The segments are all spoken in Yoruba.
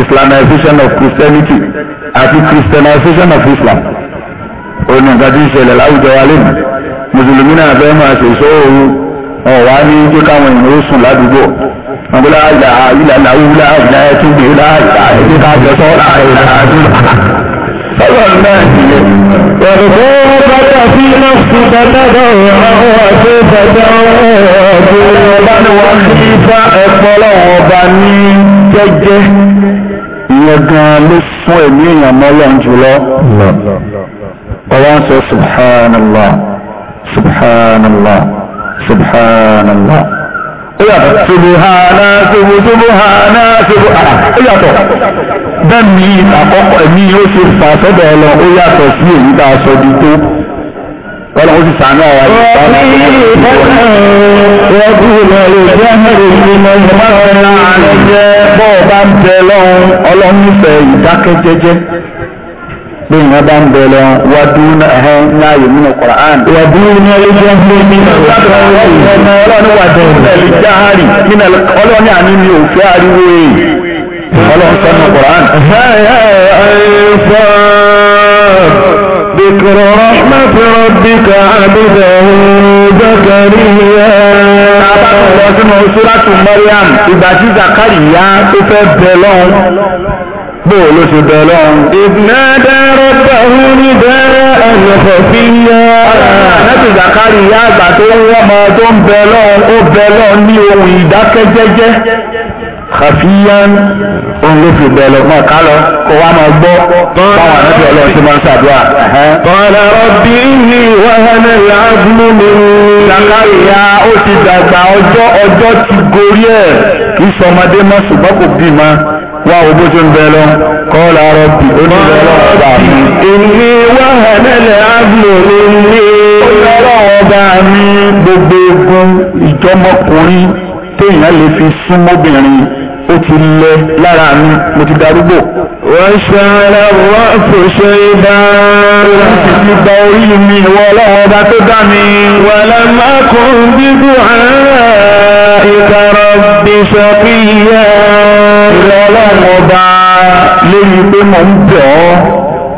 islamization of christianity àti christianization of islam òun ni nǹkan tí ń ṣẹlẹ̀ láwùjọ wa lónìí mùsùlùmí náà fẹ́ máa ṣe ìṣòro ọ̀wá ní jẹ́ káwọn èèyàn ó sùn ládùúgbò wọn bọ́lá àyà ilà làwùlà àyà ẹtún gbé láàyà ẹtún ká jẹ sọ́ọ̀rọ̀ àyà àdúrà. sọ́wọ́ náà ti yẹ. وَاذْكُرْ بَكَ في نفسك تضرعا وخيفة وجنوبا وخيفة ọ̀pọ̀lọpọ̀ ọba ní jẹ́jẹ́ gangan ló fún ẹ̀mí èèyàn mọ́lọ́n jùlọ ọwọ́n sọ subhanallah subhanallah subhanallah ó yàtọ̀ subhana subu subhana subu ah, ó yàtọ̀ bẹ́ẹ̀ ni àkọ́kọ́ ẹ̀mí yóò ṣe fà sọ́dọ̀ ọlọ́ ó yàtọ̀ sí èyí tá a sọ di tó kọ́lọ̀ ó sì sànú àwọn àgbà náà ní ìgbọ́n bí wọ́n bá ń bẹ̀ lọ wà dúnà ẹ̀hẹ́ láàyè nínú Qur'an. wà dúnà ẹ̀jẹ̀ ní ọ̀nà ọlọ́run wà dẹ̀rẹ̀ jáàrì nínú ọlọ́run àní mi ò fẹ́ ọlọ́run sọ́nà Qur'an. ذكر رحمة ربك عبده زكريا Ọdún Ṣúrátù Mọ́ríàm, ìgbà tí Zakariya tó fẹ́ bẹ̀ lọ́hun, bóò ló ṣe bẹ̀ lọ́hun. Ìdínádá rọ́bà hún ní bẹ̀rẹ̀ ẹ̀yọ̀fọ̀ fi yá. Nẹ́tù Zakariya àgbà tó ń wọ́mọ tó ń bẹ̀ lọ́hun, ó bẹ̀ lọ́hun ní ohun ìdákẹ́jẹ́jẹ́ kàfíyàn òun ló fi bẹ̀rẹ̀ mọ́ ká lọ kó wá máa gbọ́ báwọn àti ọlọ́ tí máa ń ṣàdúrà. Bọ́lá rọ̀bì ní wàhánà làágùnmù mi. Zakariya ó ti dàgbà ọjọ́ ọjọ́ ti gorí ẹ̀ kì í sọmọdé mọ́ ṣùgbọ́n kò bí ma wá owó tó ń bẹ lọ kọ́lá rọ̀bì ó ní bẹ lọ mi. Èmi wàhánà làágùnmù mi. Ó yọ ọlọ́run ọba mi gbogbo ogun ìjọmọkùnrin téèyàn lè fi sún ó ti lẹ lára mi mo ti darúgbò. wọ́n ṣàrà wọ́n fò ṣe bá. orí ti fi gba orí mi ìwọ ọlọ́run ọba tó dá mi. wàlá máa kún bíbú àárẹ̀ ìkàrọ̀ bíṣọ̀ bí yẹ. ìwọ ọlọ́run ọba lẹ́yìn pé mò ń bẹ̀ ọ́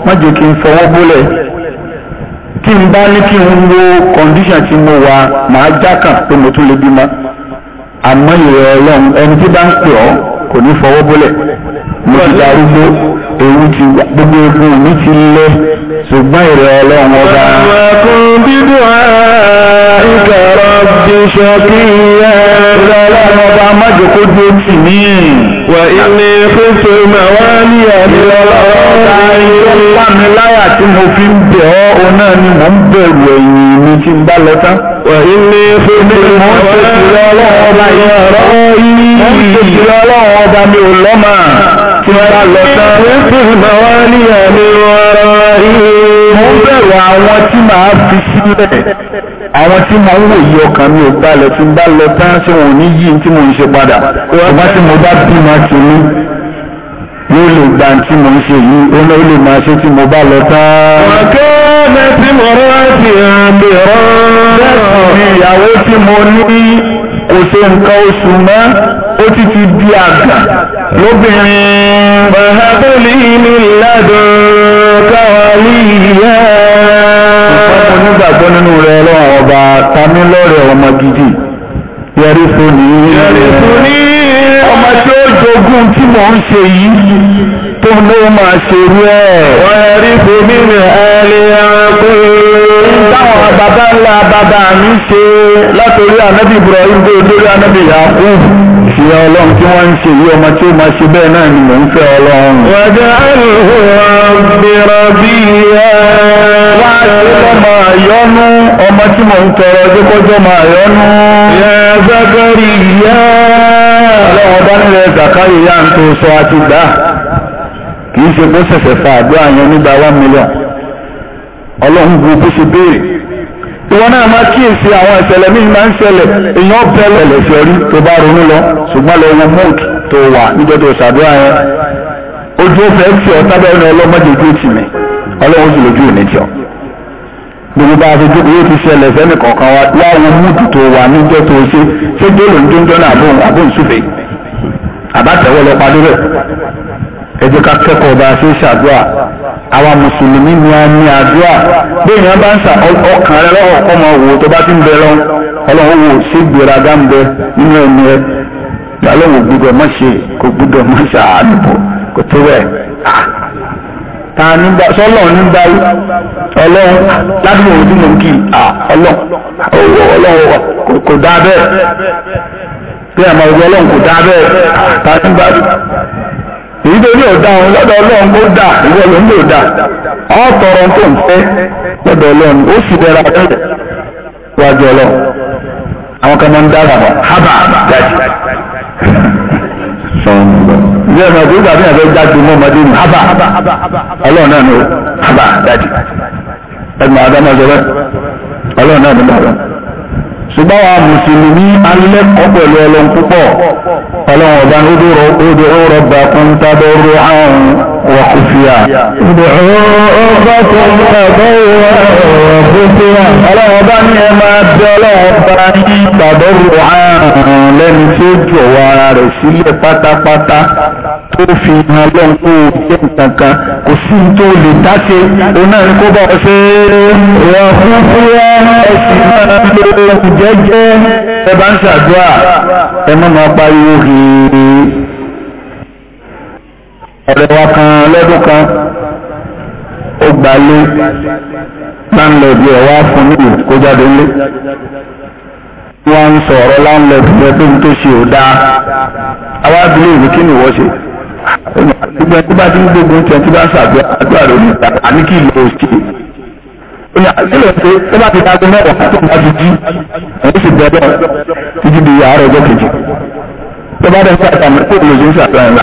má jẹ́ kí n fọwọ́ bólẹ̀ tí n bá ní kí n wo kọ̀ǹdíṣàn tí mo wà máa já pé mo tún lè bímọ àmọ́ ìrẹ̀ ọlọ́run ẹni tí bá ń pè ọ́ kò ní fọwọ́ bólẹ̀ mo ti darúgbó ewu ti gbogbo egun mi ti lẹ ṣùgbọ́n ìrẹ̀ ọlọ́run ọba. àwọn dídùn ìkàrọ̀ bí ṣọ́kì yẹn. ìrẹ̀ ọlọ́run ọba má jẹ́ tì mí ìní fífò mẹ́wàálì ẹ̀míláyà tí mo fi ń bẹ̀ ọ́ ọ̀nà ni mo ń bẹ̀rù ẹ̀yìn mi tí ń bá lọ tán. ìní fífò mẹ́wàálì ọba ìrọ̀ yìí mo ń tètè ọlọ́run ọba mi ò lọ́mà tí ń bá lọ tán. ìní fífò mẹ́wàálì ẹ̀míláyà mo ń bẹ̀rù àwọn tí màá fi sílẹ̀ àwọn tí màá ń wòye ọkàn mi ò balẹ̀ tí n bá lọ tán ṣé wọn ò ní yí tí mo ń ṣe padà ṣùgbọ́n tí mo bá bímọ ti ní yóò lè gba tí mo ń ṣe yìí ó náà lè máa ṣe tí mo bá lọ tán. ọ̀kẹ́ mẹ́tí mo rọ́ sí àmì rọ́. bẹ́ẹ̀ ìyàwó tí mo ní kò ṣe nǹkan oṣù mọ́ ó ti ti di àgbà lóbìnrin. bàbá mi ní ládùn káwálí nígbàgbọ́ nínú rẹ ọlọ́run ọba tani lọ́rẹ̀ ọmọ gidi yẹrí fún ní ọmọ tí ó jogún tí mò ń ṣe yìí tó ló máa ṣe rú ẹ̀. wọ́n yẹrí fún mi ní ẹ̀ẹ́lẹ́ ẹranko. táwọn bàbá ńlá bàbá mi ṣe látòrí ànábì Ibrahim dé lórí ànábì Yakub ìyá ọlọ́run tí wọ́n ń ṣe yí ọmọ tí ó máa ṣe bẹ́ẹ̀ náà ni mò ń fẹ́ ọlọ́run. wàjà àlùhùn àbẹ̀rẹ̀ bíi ẹ̀. ọmọ àyọ́nú ọmọ tí mo ń tọrọ ma àyọ́nú yẹ yá ọlọ́wọ́ yá ń tó sọ àti gbà kìí ṣe ṣẹ̀ṣẹ̀ yẹn nígbà one million ọlọ́run bó ṣe béèrè ìwọ náà máa kíyèsí àwọn ìṣẹ̀lẹ̀ máa ń ṣẹlẹ̀ èèyàn bẹ̀rẹ̀ rí tó bá ronú lọ ṣùgbọ́n lọ wọ mood tó wà níjọ́ tó ṣàdúrà yẹn ojú ó fẹ́ tí ọlọ́mọdé ojú ò gbogbo bá a ṣe jókòó yóò ti ṣẹlẹ̀ sẹ́ni kọ̀ọ̀kan wa wáwo mútu tó wà níjọ́ tó ṣe ṣé jólò ń dúndọ́ náà àbóhùn àbóhùn ṣùfẹ́ àbátẹ̀wọ́ lọ ká kẹ́kọ̀ọ́ bá a ṣe ṣàdúrà àwa mùsùlùmí ni a ní àdúrà bí èèyàn bá ń ṣà ọkàn rẹ lọ́wọ́ ọmọ tó bá ti ń bẹ ọlọ́run ń bẹ nínú ẹni gbúdọ̀ má ṣe kò gbúdọ̀ ah! ta ni ba sọlọ ni ba yi Ọlọ́run ládùúgbò ohun tí mo kò dáa bẹ́ẹ̀ bí àmọ́ ìwé Ọlọ́run kò dáa bẹ́ẹ̀ ta ni ba èyí tó ní ọ̀dà òun lọ́dọ̀ Ọlọ́run kó dà dà tọrọ tó ń ó sì wájú àwọn kan máa ń dára hábà ǹjẹ́ ìrìnàjò ìgbà tí ìyàfẹ́ jáde mọ́ ọmọdé nù hábà ọlọ́run náà ni hábà jáde ẹgbẹ́ adámọ́sọ́rẹ́ ọlọ́run náà ni bàbá ṣùgbọ́n wa mùsùlùmí alẹ́kọ̀ọ́ pẹ̀lú ọlọ́run púpọ̀ ọlọ́run ọba ń rọ́bà kún tábọ́rọ́ àrùn وخفيا ادعوا ربكم تضرعا وخفيا ọlọ́ọ̀bá ní ẹ máa bẹ ọlọ́ọ̀bá ní tàbọ̀rù ààrùn lẹ́nu tí ó jù ọwọ́ ara rẹ̀ sílẹ̀ pátápátá tó fi hàn lọ́n kó o jẹ́ nǹkan kan kò sí tó lè dáṣe o náà ní kó bá ọ ṣe rẹ̀ fún fúyà ẹ̀sìn náà ló jẹ́jẹ́ ẹ bá ń ṣàdúrà ẹ má máa pariwo rèé ọ̀rẹ́ wa kan lọ́dún kan ó gbalé láńlọ́ọ̀dù ẹ̀ wá fún mi kó jáde ńlé wọ́n ń sọ̀rọ̀ láńlọ́ọ̀dù rẹ pé n tó ṣe ò dáa awábílẹ̀ ìlú kí ni ìwọ ṣe gbogbo ẹni tó bá ti ń gbógun tiẹ̀ tí bá ń ṣàgbé àdúrà lórí ìgbà àní kí ìlú ò ṣe ní àtìlẹ̀ pé tó bá ti dágbé mẹ́wàá tó bá ti jí ẹ̀yìn sì bẹ̀rẹ̀ títí di àárọ̀ ọjọ́ kejì tó bá dẹ̀ ń ṣàtàmì kó lóṣù ń ṣàtàmì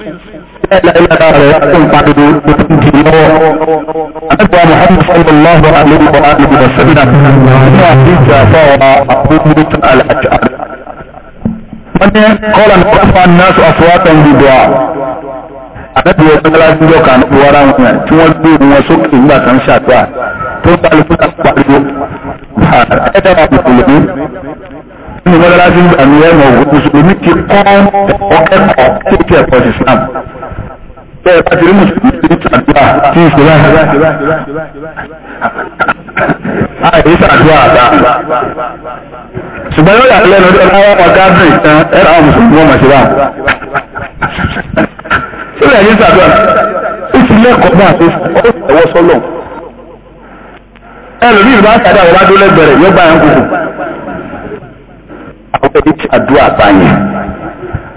láìláìlára rẹ̀ tó ń pàdúró tó ti jù lọ́wọ́. Àdẹ́gbà Mùhàmmad sallallahu alaihi wa alihi wa sallam ní àdíjà fáwọn àpótúrú tó àlàjá. Wọ́n ní kọ́lá ní kọ́fà náà ẹ̀mọ̀ òwò mùsùlùmí ti kọ́ ọ̀kẹ́kọ̀ọ́ tó ti ẹ̀kọ́ Islam bẹ́ẹ̀ bá ti rí mùsùlùmí tí ń ṣàdúrà tí ń ṣe báyìí. àìrí ṣàdúrà àdá. ṣùgbọ́n yóò yàtọ̀ lẹ́nu ọdún ọlọ́wọ́ ọkọ̀ gábìrì tán ẹ̀rọ àwọn mùsùlùmí wọn mọ̀ sí báyìí. sílẹ̀ ní ṣàdúrà ó ti lẹ́kọ̀ọ́ bá àti ọwọ́ sọ́lọ̀. ẹlòmíì bá ṣàdúrà wọ́n bá dó lẹ́gbẹ̀rẹ̀ yóò bá yẹn kúkú. àwọn ẹbí ṣàdúrà bá yẹn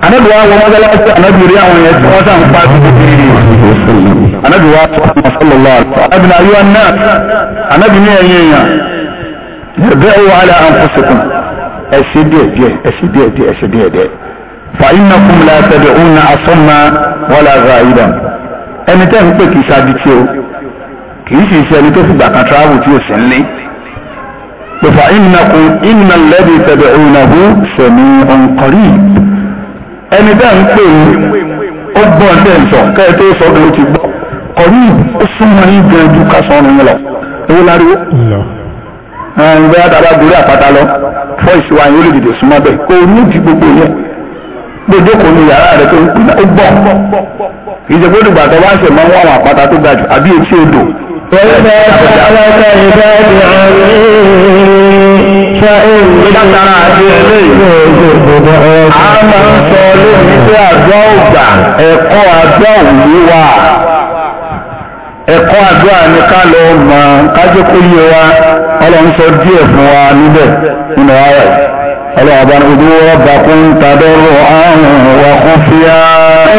anabi wa wọn mọ́tàlá sí anabi rí àwọn yẹn tí wọ́n sàn pa sí kékeré anabi wa wọn sọlọ́lá anabi na yóò náà anabi ní ẹ̀yìn èèyàn bẹ́ẹ̀ wọ alẹ́ àǹfọ̀sọ̀kùn ẹ̀sì díẹ̀ díẹ̀ ẹ̀sì díẹ̀ díẹ̀ ẹ̀sì díẹ̀ díẹ̀ fa iná kún la tẹ̀lé òun na asọ́nà wọlé àgbà ìdàn ẹni tẹ́ di tí o kì í sì ṣe ẹni fi gbà kan tíráàbù tí o sì ń fa iná kún iná lẹ́bi tẹ̀lé òun ẹni bẹ́ẹ̀ ń pè ní ó gbọ́ ẹ̀ bẹ́ẹ̀ sọ kẹ́ ẹ tó sọ pé ó ti gbọ́ kọ̀rí ó súnmọ́ yín gan ju ká sọ ọ́nà lọ ewu láriwo. ẹn bẹ́ẹ̀ dábàá gorí àpáta lọ fọ́ ìṣúwà yín ó lè dìde súnmọ́ bẹ́ẹ̀ kó o ní ti gbogbo yẹn gbogbo kò ní yàrá rẹ tó ń pè náà ó gbọ́ ìjẹ́pẹ́ dùgbà tó bá ń ṣe mọ́ wọn àwọn àpáta tó ga jù àbí etí odò. wọ́n bá ṣe àwọn ọkọ̀ ìbá látara àti ẹlẹ́ a máa ń sọ lónìí pé àdúrà ògbà ẹ̀kọ́ àdúrà òní wà ẹ̀kọ́ àdúrà ní ká lọ mọ̀ kájókó yé wa ọlọ́run sọ díẹ̀ fún wa níbẹ̀ nínú ara ọlọ́ọ̀bá ojú ọba kún tàdọ́rọ̀ àrùn wà kún fi á ẹ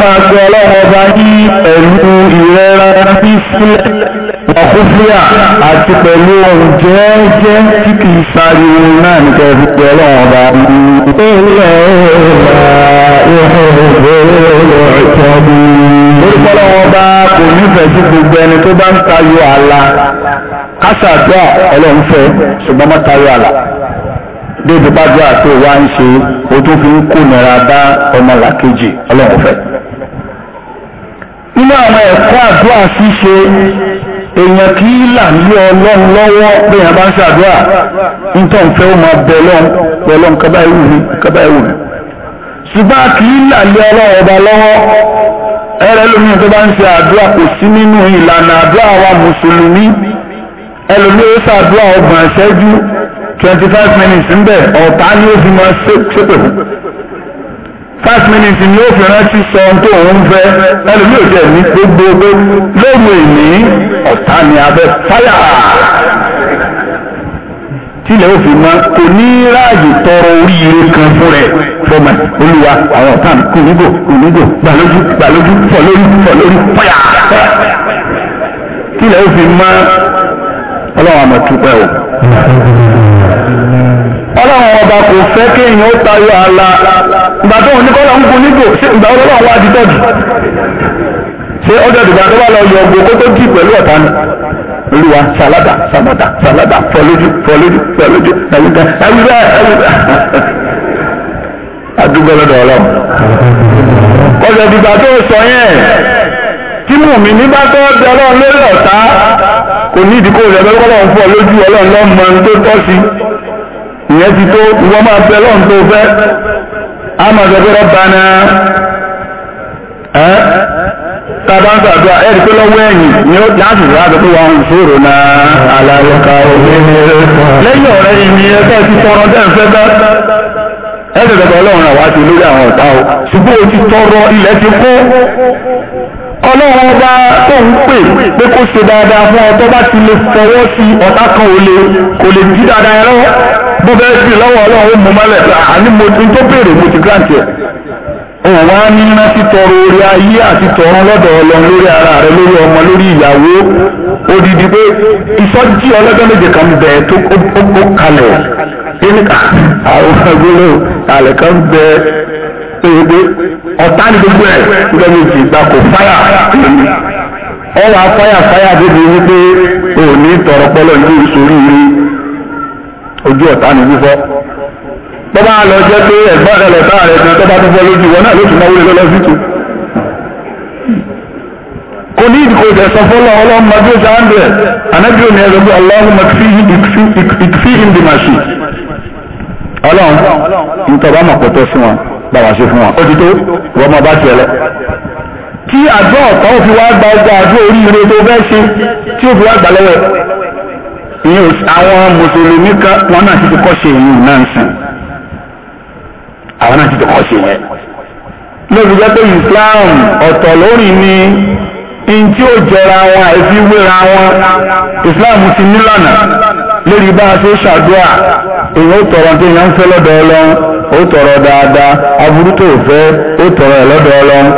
máa gbé ọlọ́run ọba ní ẹ̀rù ìrẹ́ra ọ̀kúfíà àti pẹ̀lú ohun jẹ́ẹ́jẹ́ tí kì í sáriwo náà ní kẹfì pé ọlọ́run ọba ilẹ̀ ọba ìhòòhò ìjọbi lórúkọ ọlọ́run ọba kò nífẹ̀ẹ́ sí gbogbo ẹni tó bá ń tayọ àlà kásàdúà ọlọ́run fẹ́ ṣùgbọ́n má tayọ àlà débi bájú àti ìwà ń ṣe o tó fi ń kó nira bá ọmọlàkejì ọlọ́run fẹ́ nínú àwọn ẹ̀kọ́ àdúrà ṣíṣe èèyàn kì í là ń lé ọlọ́run lọ́wọ́ bẹ́ẹ̀ bá ń ṣàdúrà nítorí òun fẹ́ ó máa bẹ ọlọ́run bẹ ọlọ́run kábà ìwù mi kábà ìwù mi. ṣùgbọ́n kì í là lé ọlọ́run ọba lọ́wọ́ ẹlẹ́lómi tó bá ń ṣe àdúrà kò sí nínú ìlànà àdúrà wa mùsùlùmí ẹlòmí ó ṣàdúrà ọgbọ̀n ìṣẹ́jú twenty five minutes ń bẹ̀ ọ̀tá ni ó fi máa ṣépè fún five minutes ni ó fi rántí sọ tó òun fẹ́ ẹlòmí ò jẹ́ ní gbogbo lóru èmi ọ̀tá ni abẹ́ fáyà tílẹ̀ ó fi mọ́ kò ní ráàyè tọrọ oríire kan fún rẹ̀ fọmọ olúwa àwọn ọ̀tá mi kò nígò kò nígò gbàlójú gbàlójú fọ lórí fọ lórí fáyà tílẹ̀ ó fi mọ́ ọlọ́run àmọ̀túpẹ́ o ọlọ́run ọba kò fẹ́ kéèyàn ó tayọ ààlà ìgbà tó ń ní kọ́lá ń kun nígbò sí ìgbà ọlọ́run wá di tọ́jú ṣé ọjọ́ ìdìbò àti wàá lọ yọ ògbó kó tó dì pẹ̀lú ọ̀tá ni olúwa sàládà sàládà sàládà fọlójú fọlójú fọlójú ẹ̀wùdà ẹ̀wùdà ẹ̀wùdà adúgbò lọ́dọ̀ ọlọ́run ọjọ́ ìdìbò àti òsọ yẹn tí mùmí ní bá tọ́ di ọlọ́run lórí ọ̀tá kò ní ìdíkò rẹ̀ lọ́wọ́ ọlọ́run fún ọ lójú ìyẹn ti tó wọ́n máa bẹ lọ́n tó fẹ́ a máa sọ pé Rabbana ẹ́ tàbá ń sàdúrà ẹ̀rí pé lọ́wọ́ ni ó ti àṣìṣe láti pé wọn ṣòro na àlàyéka lẹ́yìn ọ̀rẹ́ ìní ẹgbẹ́ ti tọrọ dẹ́nfẹ́ bá ẹ̀sẹ̀ tọ́tọ́ ọlọ́run àwa ti lórí àwọn ọ̀tá o ti tọrọ ilẹ̀ ti ọlọ́run ọba tó ń pè kó ṣe fún ọ bá ti lè fọwọ́ sí ọ̀tá kan ò lè kò lè jí dáadáa ẹ bó bẹ́ẹ̀ sì lọ́wọ́ ọlọ́run ó mú mọ́lẹ̀ àní mo ti tó béèrè mo ti grant ẹ̀. òun wá ara rẹ lórí ọmọ lórí ìyàwó odidi pé ìsọjí méje kan tó kalẹ̀ pé pé ọ̀tá ní gbogbo ẹ̀ lọ́nà ìjì ìgbà kò fáyà ọ̀rọ̀ afáyà fáyà débi wípé o ní tọrọ pọ́lọ́ ní ìsorí rí ojú ọ̀tá ní wífọ́ tó bá lọ jẹ́ pé ẹ̀gbọ́n rẹ lọ́tà rẹ kan tó bá tó fọ́ lójú wọn náà ló tún náwó lé lọ́lọ́ sí tu kò ní ìdíkò ìdẹ sọ fọlọ ọlọmọ bí ó ṣe á ń bẹ ànábì òní ẹ̀rọ bí ọlọ́run mọ̀ fi ìdí màṣí ọlọ́run nítorí àmọ̀pọ̀tọ́ sí wọn. bá wàá ṣe fún wọn. ó tó wọ́n máa bá wá gba ọgbà àdúrà oríire tó fẹ́ ṣe tí ó fi wá gbà lọ́wọ́ ìyẹn àwọn mùsùlùmí kan wọn náà ti ti kọ́ ṣe ìyẹn náà ń sìn àwọn náà ti ti Islam ọ̀tọ̀ lórí ni ó wọn wéra wọn Islam a ṣe ṣàdúrà èèyàn ó tọrọ ń fẹ́ lọ́dọ̀ Ọlọ́run ó tọrọ dáadáa aburú tó fẹ́ ó tọrọ ẹ̀ lọ́dọ̀ ọlọ́run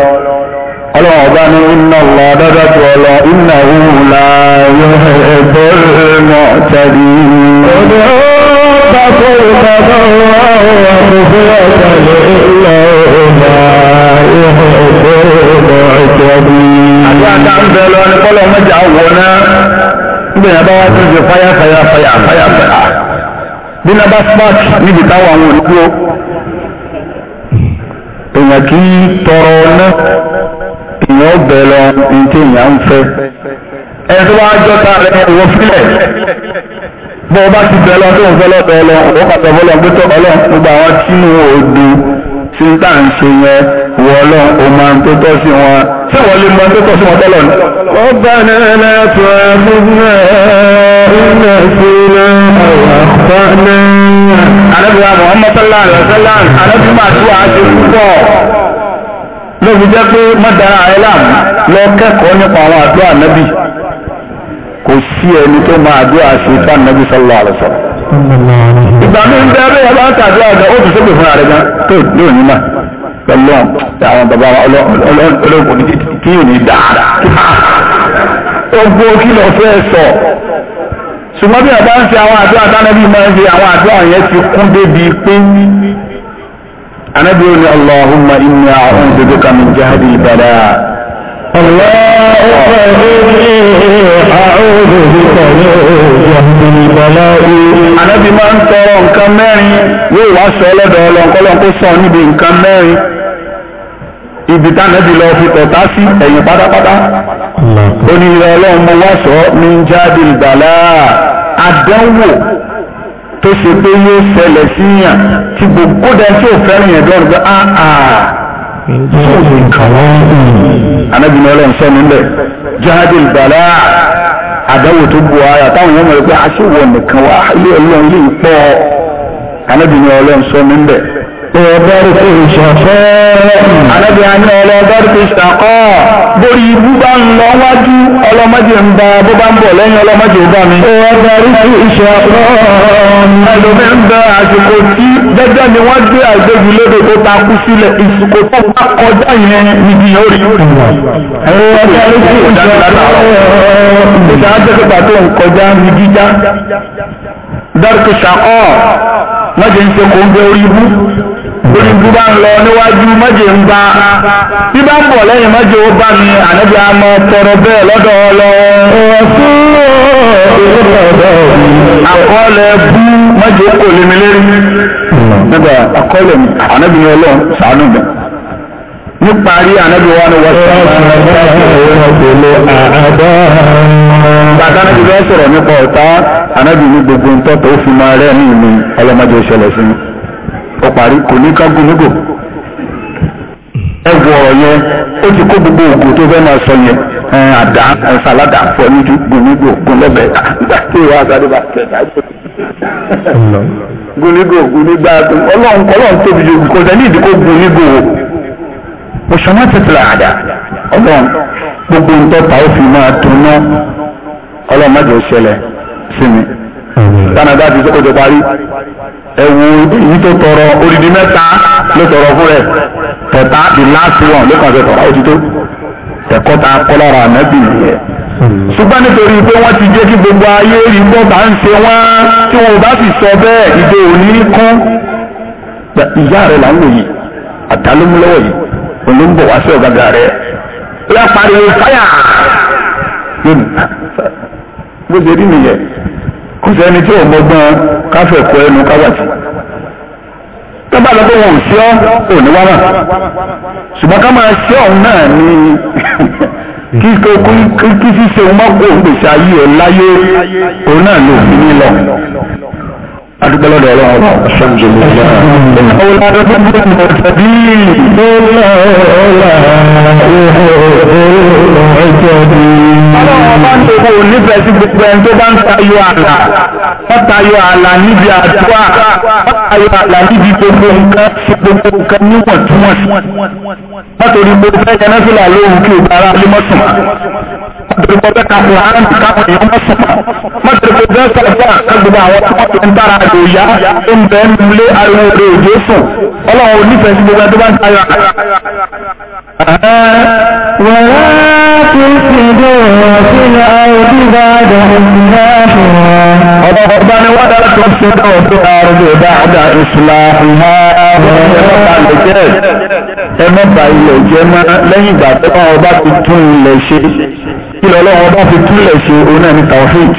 ọlọ́run ọba ní iná lọ dáadáa tó ọlọ iná òun la yọ ẹ̀bọ́ mọ̀ jáde. ọ̀dọ́ bá kó ìbàdàn wà ó àkókò ọ̀tàlẹ̀ iná òun la yọ ẹ̀bọ́ mọ̀ jáde. àti àdá ń bẹ lọ ní kọ́lọ́ mẹ́jà wọ̀ náà ń gbìyànjú bá wá tó ṣe fáyà fáyà fáyà fáyà fáyà bí náà bá spark níbi táwọn àwọn olùkúrò èèyàn kì í tọrọ ọ̀nà èèyàn bẹ lọ ní tí èèyàn ń fẹ́ ẹni tó bá jọta rẹ ìwọ sílẹ̀ bó o bá ti bẹ lọ tó ń fẹ́ lọ́dọ̀ ọlọ òun pàtó ọlọ pé tó ọlọ gbogbo àwọn tínú òdu tí ń tà ń ṣe yẹn wọ ọlọ o máa ń tó tọ́ sí wọn ṣé wọ́n lè máa tó tọ́ sí wọn tọ́lọ̀ ni. ọba náà látọ̀ àbúrò náà ń àfọ́nà anábìwá Muhammad sallallahu alaihi wasallam anábìwá tó a ti púpọ̀ lóbi jẹ́ pé mọ́dára ẹlàm lọ kẹ́kọ̀ọ́ nípa àwọn àdúrà ànábì kò sí ẹni tó máa àdúrà ṣe fún ànábì sallallahu alaihi wasallam ìgbà mi ń bẹ ẹgbẹ́ yẹn bá ń tàdúrà ọ̀dọ̀ ó tún sókè fúnra rẹ̀ gan tó lóò ní mà pẹ̀lú àwọn bàbá ọlọ́ọ̀kùnrin tí yóò ní dáadáa ogbó kí lọ fẹ́ sọ ṣùgbọ́n bí ọ̀dá ń fi àwọn àdúrà tánàbí máa ń fi àwọn àdúrà yẹn ti kún débi pé anábìyàn ni allahumma inni àwọn òdodo kan mi jáde ìbàdà. اللهم máa ń tọrọ nǹkan mẹ́rin yóò wá sọ ọlọ́dọ̀ ọlọ́nkọ́lọ́n kó sọ níbi nǹkan mẹ́rin ibi tánàbí lọ fi tọ̀tá sí ẹ̀yìn pátápátá ó ní ilẹ̀ ọlọ́run mo wá sọ ní jáde ìgbàlá àdánwò tó ṣe pé yóò ṣẹlẹ̀ síyàn tí gbogbo dẹ tí ò fẹ́ràn yẹn dọ́rùn pé áà anábì ah, ah. ní ọlọ́run sọ nílẹ̀ jáde ìgbàlá àdánwò tó bu ara táwọn èèyàn mọ̀ pé aṣèwọ̀ nìkan wà ilé ọlọ́run yìí pọ̀ anábì ọlọ́run sọ nílẹ̀ ọ̀dọ́rùkú ìṣọ̀fẹ́ anábì àní ọlọ́dọ́rùkú ìṣàkọ́ borí ibú bá ń lọ wájú ọlọ́mọdé ń bá bó bá ń bọ̀ lẹ́yìn ọlọ́mọdé bá mi. ọ̀dọ́rùkú ìṣọ̀fẹ́ ẹlòmí ń bẹ àsìkò tí jẹ́jẹ́ ni wọ́n gbé àgbègbè lóde tó takú sílẹ̀ ìsìkò tó bá kọjá yẹn níbi yẹn ó rí. ọ̀dọ́rùkú ìṣọ̀fẹ́ ìṣàjẹ́ lórí bí bá ń lọ níwájú májè ń bá bí bá ń bọ̀ lẹ́yìn májè ó bá mi ànábi àmọ́ tọrọ bẹ́ẹ̀ lọ́dọ̀ ọlọ. àkọọ́lẹ̀ bú májè kò lè mi lérí nígbà àkọọ́lẹ̀ ànábi ni ọlọ́run sàánú bẹ̀ níparí ànábi wa ni wọ́n sọ bàtà níbi bẹ́ẹ̀ sọ̀rọ̀ nípa ọ̀tá ànábi ní gbogbo ntọ́ta ó fi máa rẹ́ ní ìlú ọlọ́mọdé ìṣẹ̀lẹ̀ sí mi ó parí kò ní ká gúnmígò ẹ wọ ọ̀rọ̀ yẹn ó ti kó gbogbo ògùn tó fẹ́ máa sọ yẹn àdá ṣàládà fọ níjú gúnmígò gúnlẹ́bẹ̀ ìgbà tí ìwà àgbàdo bá tẹ̀ gúnmígò gúnmígbà ọlọ́run ọlọ́run tóbi ju kò sẹ́ni ìdíkó gúnmígò o ṣọmọ tẹ̀sílẹ̀ àdá ọlọ́run gbogbo ń tọ́ta ó fi máa tó ná ọlọ́run má jẹ́ ṣẹlẹ̀ sí mi. tánadá ti sọ́kòjọ parí ẹ̀wù èyí tó tọrọ odidi mẹ́ta ló tọrọ fún rẹ̀ tẹ̀ta the last one ló kàn fẹ́ tọrọ òtítọ́ ẹ̀kọ́ ta kọ́lára ànábì yẹn. ṣùgbọ́n nítorí pé wọ́n ti jẹ́ kí gbogbo ayé rí bọ́ bá ń ṣe wọ́n tí wọn ò bá sì sọ bẹ́ẹ̀ ìdè òní kún ìyá rẹ̀ là ń lò yìí àtàlómúlọ́wọ́ yìí òní ń bọ̀ wá sí ọ̀gága rẹ̀ ó pariwo fáyà bó ṣe rí nìyẹn kò sẹ́ni tí ò gbọ́gbọ́n káfẹ̀kọ́ ẹnu kábàtì tó bá lọ pé wọn ò sí ọ ò ní wá mà ṣùgbọ́n ká máa ṣe ọ̀hún náà ni kí ṣíṣe wọn kò gbèsè ayé ẹ láyé òun náà ló fi ní lọ adúgbòlò dọ̀ ọlọ́run ọba alhamdulillah ọ̀la dọ́dọ́dọ́ mọ̀tàbí lọ́la ọ̀la ìhò ìjọbi. ọlọ́run ọba ń tòkó nífẹ̀ẹ́ sí gbogbo ẹni tó bá ń tayọ dèrò bẹ́ẹ̀ ka fún ara nìkan àwọn èèyàn mọ̀ sọ̀tọ̀ má dèrò bẹ́ẹ̀ sọ̀rọ̀ fún àkàn gbogbo àwọn tí wọ́n ti ń dára àjò ìyá tó ń bẹ́ẹ̀ ń lé ariwo rẹ̀ òjò sùn ọlọ́run ò nífẹ̀ẹ́ sí gbogbo ẹdún bá ń ta yọ àkàn. wàhálà tó ti dé ìrọ̀sílẹ̀ àìdí bá dàrú ọ̀dọ̀ ọba ni wọ́n dára tó ṣe náà tó àrùn ìdáadáa ìṣúná ìhà ẹ̀mọ́ba ilẹ̀ jẹ́ mọ́ lẹ́yìn ìgbà tó bá ti tún ilẹ̀ ṣe ilẹ̀ ọlọ́run bá fi túlẹ̀ ṣe oná ní taofik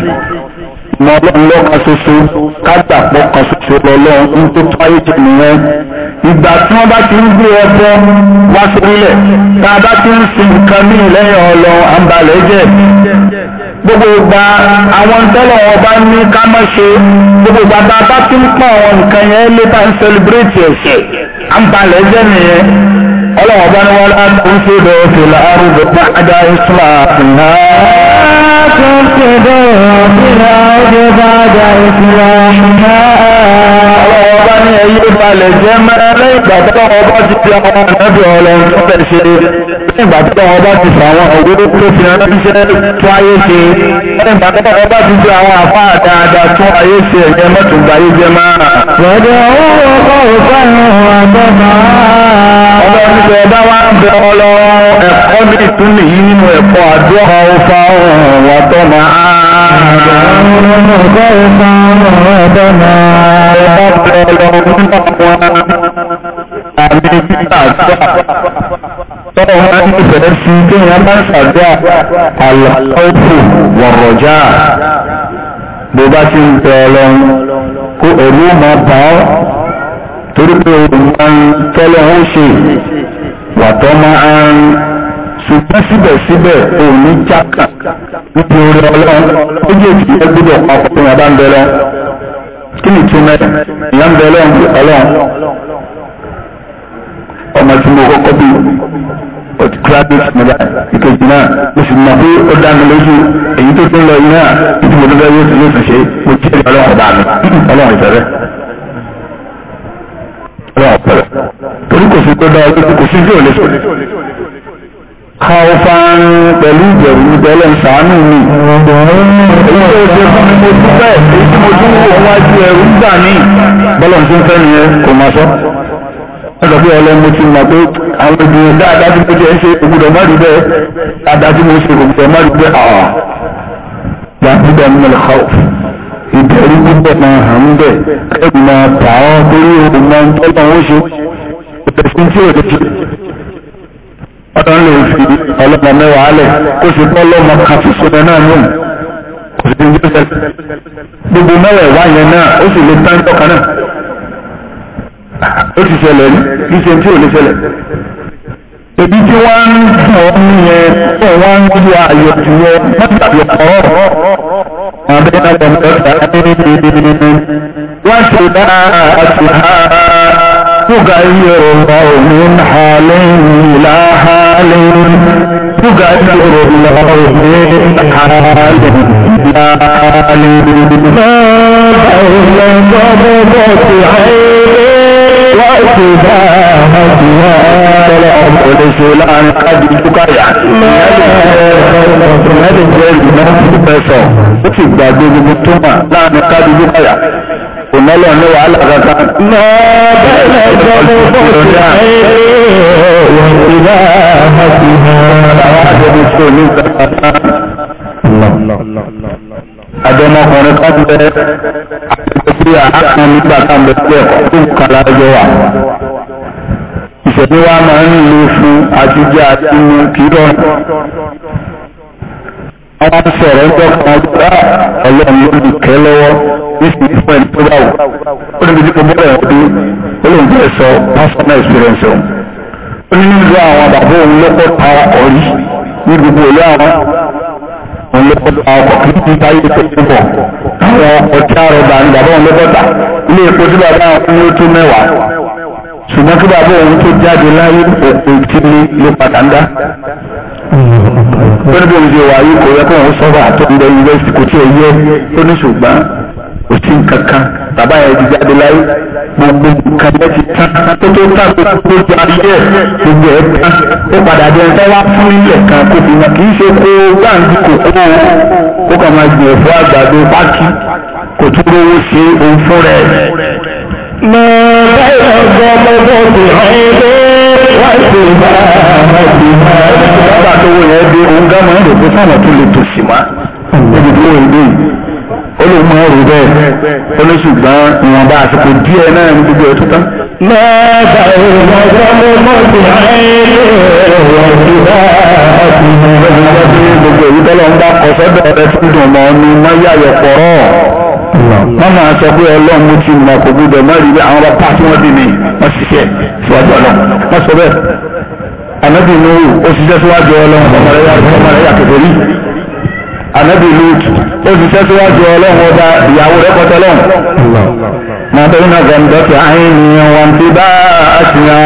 mọ ọlọ́run lọ́kan ṣoṣo kágbà pọ̀ kan ṣoṣo lọ́lọ́run ń tó tó ayé nìyẹn ìgbà tí wọ́n bá ti ń gbé ẹbọ wá sórílẹ̀ tá a bá ti ń sin nǹkan ní ìlẹ́yìn ọlọ́run à jẹ́ gbogbo ìgbà àwọn tọ́lọ̀ ọba ní ká má ṣe gbogbo ìgbà tá a bá ti ń pọ̀ àwọn nǹkan yẹn lé bá ń sẹlẹbírẹ́tì ẹ̀ṣẹ̀ à jẹ́ nìyẹn ọlọ́wọ́ bá ní wọ́n á kún sí ìdọ̀ọ́sẹ̀ láàrúgbó bá àdá ìsúlá àfihàn. تفسدوا في الأرض بعد إصلاحها ọba ní ẹyẹ balẹ̀ jẹ́ mẹ́rẹ́ lẹ́yìn ìgbà tó ọba ti fi ọmọ ẹ̀nẹ́bí ọlọ́run tó fẹ́ ṣe lẹ́yìn ìgbà tó ọba ti fi àwọn òwe tó fi ránṣẹ́ tó ayé ṣe lẹ́yìn ìgbà tó ọba ti fi àwọn àfa àdáadáa tó ayé ṣe ẹ̀yẹ mẹ́tùgbà ayé jẹ́ máa. wọ́dọ̀ owó ọkọ̀ òkàrùn àgbọ̀nà. ọlọ́run ti ọba wa ń bẹ ọlọ́run ẹ̀kọ́ ní ìtúnlẹ̀ yìí nínú ẹ̀kọ́ àdúrà ọ̀fà ọ̀hún وطمعا خوفا وطمعا Tọ́wọ́ máa ń bẹ̀rẹ̀ sí kí wọ́n bá ṣàdúrà àlọ́ọ̀fù wọ̀rọ̀já bó bá ti ń tẹ ọlọ́run kó ẹ̀rú máa bá ọ́ torí pé òun máa ń tọ́lọ́ ó ṣe wàtọ́ máa ń ṣùgbọ́n síbẹ̀síbẹ̀ òní jákà níbi orí ọlọ́run ó jẹ́ kí ẹ gbọ́dọ̀ papọ̀ tó yàn bá ń bẹ̀rẹ̀ kí ni túmẹ̀ ìyá ń bẹ̀rẹ̀ ọ̀hún ọlọ́run ọmọ tí mo kọ́kọ́ bí ọtí graduate nígbà ìkejì náà mo sì mọ̀ pé ó dá mi lójú èyí tó ti ń lọ yìí náà títí mo dúdú yóò ti yóò ti ṣe mo jẹ́ ọlọ́run ọba mi ọlọ́run ìfẹ́rẹ́ ọlọ́run ọ̀pẹ̀rẹ̀ torí kò sí pé dá kò sí bí ò káwọ́fán pẹ̀lú ìbẹ̀rù ìbẹ̀lẹ̀ ìsàánú mi. èyí tó ṣe fún mi mo dúpẹ́ èyí tí mo tún wọ̀ wájú ẹrú gbà mí. bọ́lá ń tún fẹ́ nìyẹn kò máa sọ. wọ́n sọ pé ọlẹ́ mo ti mọ̀ pé àwọn ènìyàn dáadáa tí mo jẹ́ ń ṣe ògùdọ̀ má rí bẹ́ẹ̀ dáadáa tí mo ṣe ògùdọ̀ má rí bẹ́ẹ̀ àwà. gba gbígbà mi lọ kọ́ ìbẹ̀rù gbígbà máa hàn bẹ́ẹ̀ ẹ̀ máa tà ọ́ torí ògùn máa ń tọ́ ọlọ́run lè fi ọlọ́mọ mẹ́wàá lẹ̀ kó sì kọ́ ọlọ́mọ kan fi sọ náà nù kò sì ní jẹ́ gbogbo mẹ́wàá yẹn náà ó sì lè tán tọ́ka náà ó ti ṣẹlẹ̀ ní kí ṣe tí ò lè ṣẹlẹ̀ ebi tí wọ́n ń dùn ọ́ yẹn tó wọ́n ń ju àyọ̀ jù yọ mọ́tò àyọ̀ kọ́rọ́ àbẹ́rẹ́ ọ̀gbọ̀n ẹ̀ka ẹ̀ẹ́dẹ́gbẹ̀rẹ́ wọ́n ṣe dáa àti àá تغير الله من حال إلى حال تغير الله من حال إلى حال ما بين غضبة عين وإتباعها Ìṣòlá ni káàdì ìtúkàyà. Ìyá lè jẹ́ ìgbà tó fẹ́ sọ, ó sì gbàgbé gbogbo tó mà láàrin káàdì ìtúkàyà mọ́lọ̀ ní wàhálà kankan. máa bẹ̀rẹ̀ sọ́kò bọ́ọ̀sì ẹ̀ẹ́dẹ̀ẹ́ wọ́n ti bá a máa ti hàn. àwọn àjẹbí tó ní kankan àjọmọkùnrin kan bẹ àti àkàn nígbà kan bẹ pé ẹ̀kọ́ tó kàlà ẹjọ́ wà. ìṣẹ̀lẹ̀ wa máa ń lu fún àtijọ́ àti mú kí rọrùn ọba ń sọ̀rọ̀ ń tọ́ka gbá ọlọ́run ló ń kẹ́ lọ́wọ́ nísìnyí fún ẹni tó bá wù ó níbi tí kò bọ́ọ̀rọ̀ ọdún ó lè jẹ́ sọ personal experience ọ̀hún. ó ní nílò àwọn bàbá òun lọ́kọ̀ ta ọkọ̀ yìí ní gbogbo ìlú àwọn òun lọ́kọ̀ ta ọkọ̀ kí ní táyé tó ń bọ̀ àwọn ọ̀kẹ́ àrọ̀bà bàbá òun lọ́kọ̀ ta ilé epo bàbá òun ló mẹ́wàá ṣùgbọ́n kí bàbá òun tó jáde láyé ètí ní ló padà ń dá. lórí bí òun ṣe wà yìí kò yẹ kó òun sọ́wọ́ àtọ́ndẹ yunifásitì kò tí ì yẹ ó ní ṣùgbọ́n kò sí kankan bàbá yẹn ti jáde láyé gbogbo nǹkan bẹ́ẹ̀ ti tán tó tó tán gbogbo ti a yẹ gbogbo ẹ̀ tán ó padà dé ẹ̀ńtọ́ wá fún ilẹ̀ kan kò fi hàn kì í ṣe kó gbàǹdì o ó kàn máa gbìyànjú àgbàdo pákí kò tún lówó ṣe òun fún rẹ̀. ما بين الضمضة عينين anyị nígbà ụwa wọ yẹn dé òun gámọ̀ ń rò pé fáwọn tó lè tò sí wa níbi tó wọ ìdí olùmọ̀ rò bẹ́ẹ̀ olóṣùgbọ́n ìwọ̀nba àsìkò díẹ̀ náà ní gbogbo ẹ̀ tó tán. máa bá ìwọ̀n gbọ́dọ̀ mọ̀ sí àìlè mọ̀. wọ́n máa sọ pé ọlọ́run mú ti mọ̀ kò gbúdọ̀ má rí bí àwọn bá tí wọ́n dì ní wọ́n ṣiṣẹ́ síwájú ọlọ́run wọ́n sọ bẹ́ẹ̀ ànábì nù ó ṣiṣẹ́ síwájú ọlọ́run ọmọ rẹ̀ yà kékeré anabi lut ó ti tẹ́síwájú ọlọ́run ọba ìyàwó rẹ̀ kọ́tọ́ lọ́hùn. màtọ́yìn náà kàn dọ́tí àìníyàn wọn ti bá àṣìyà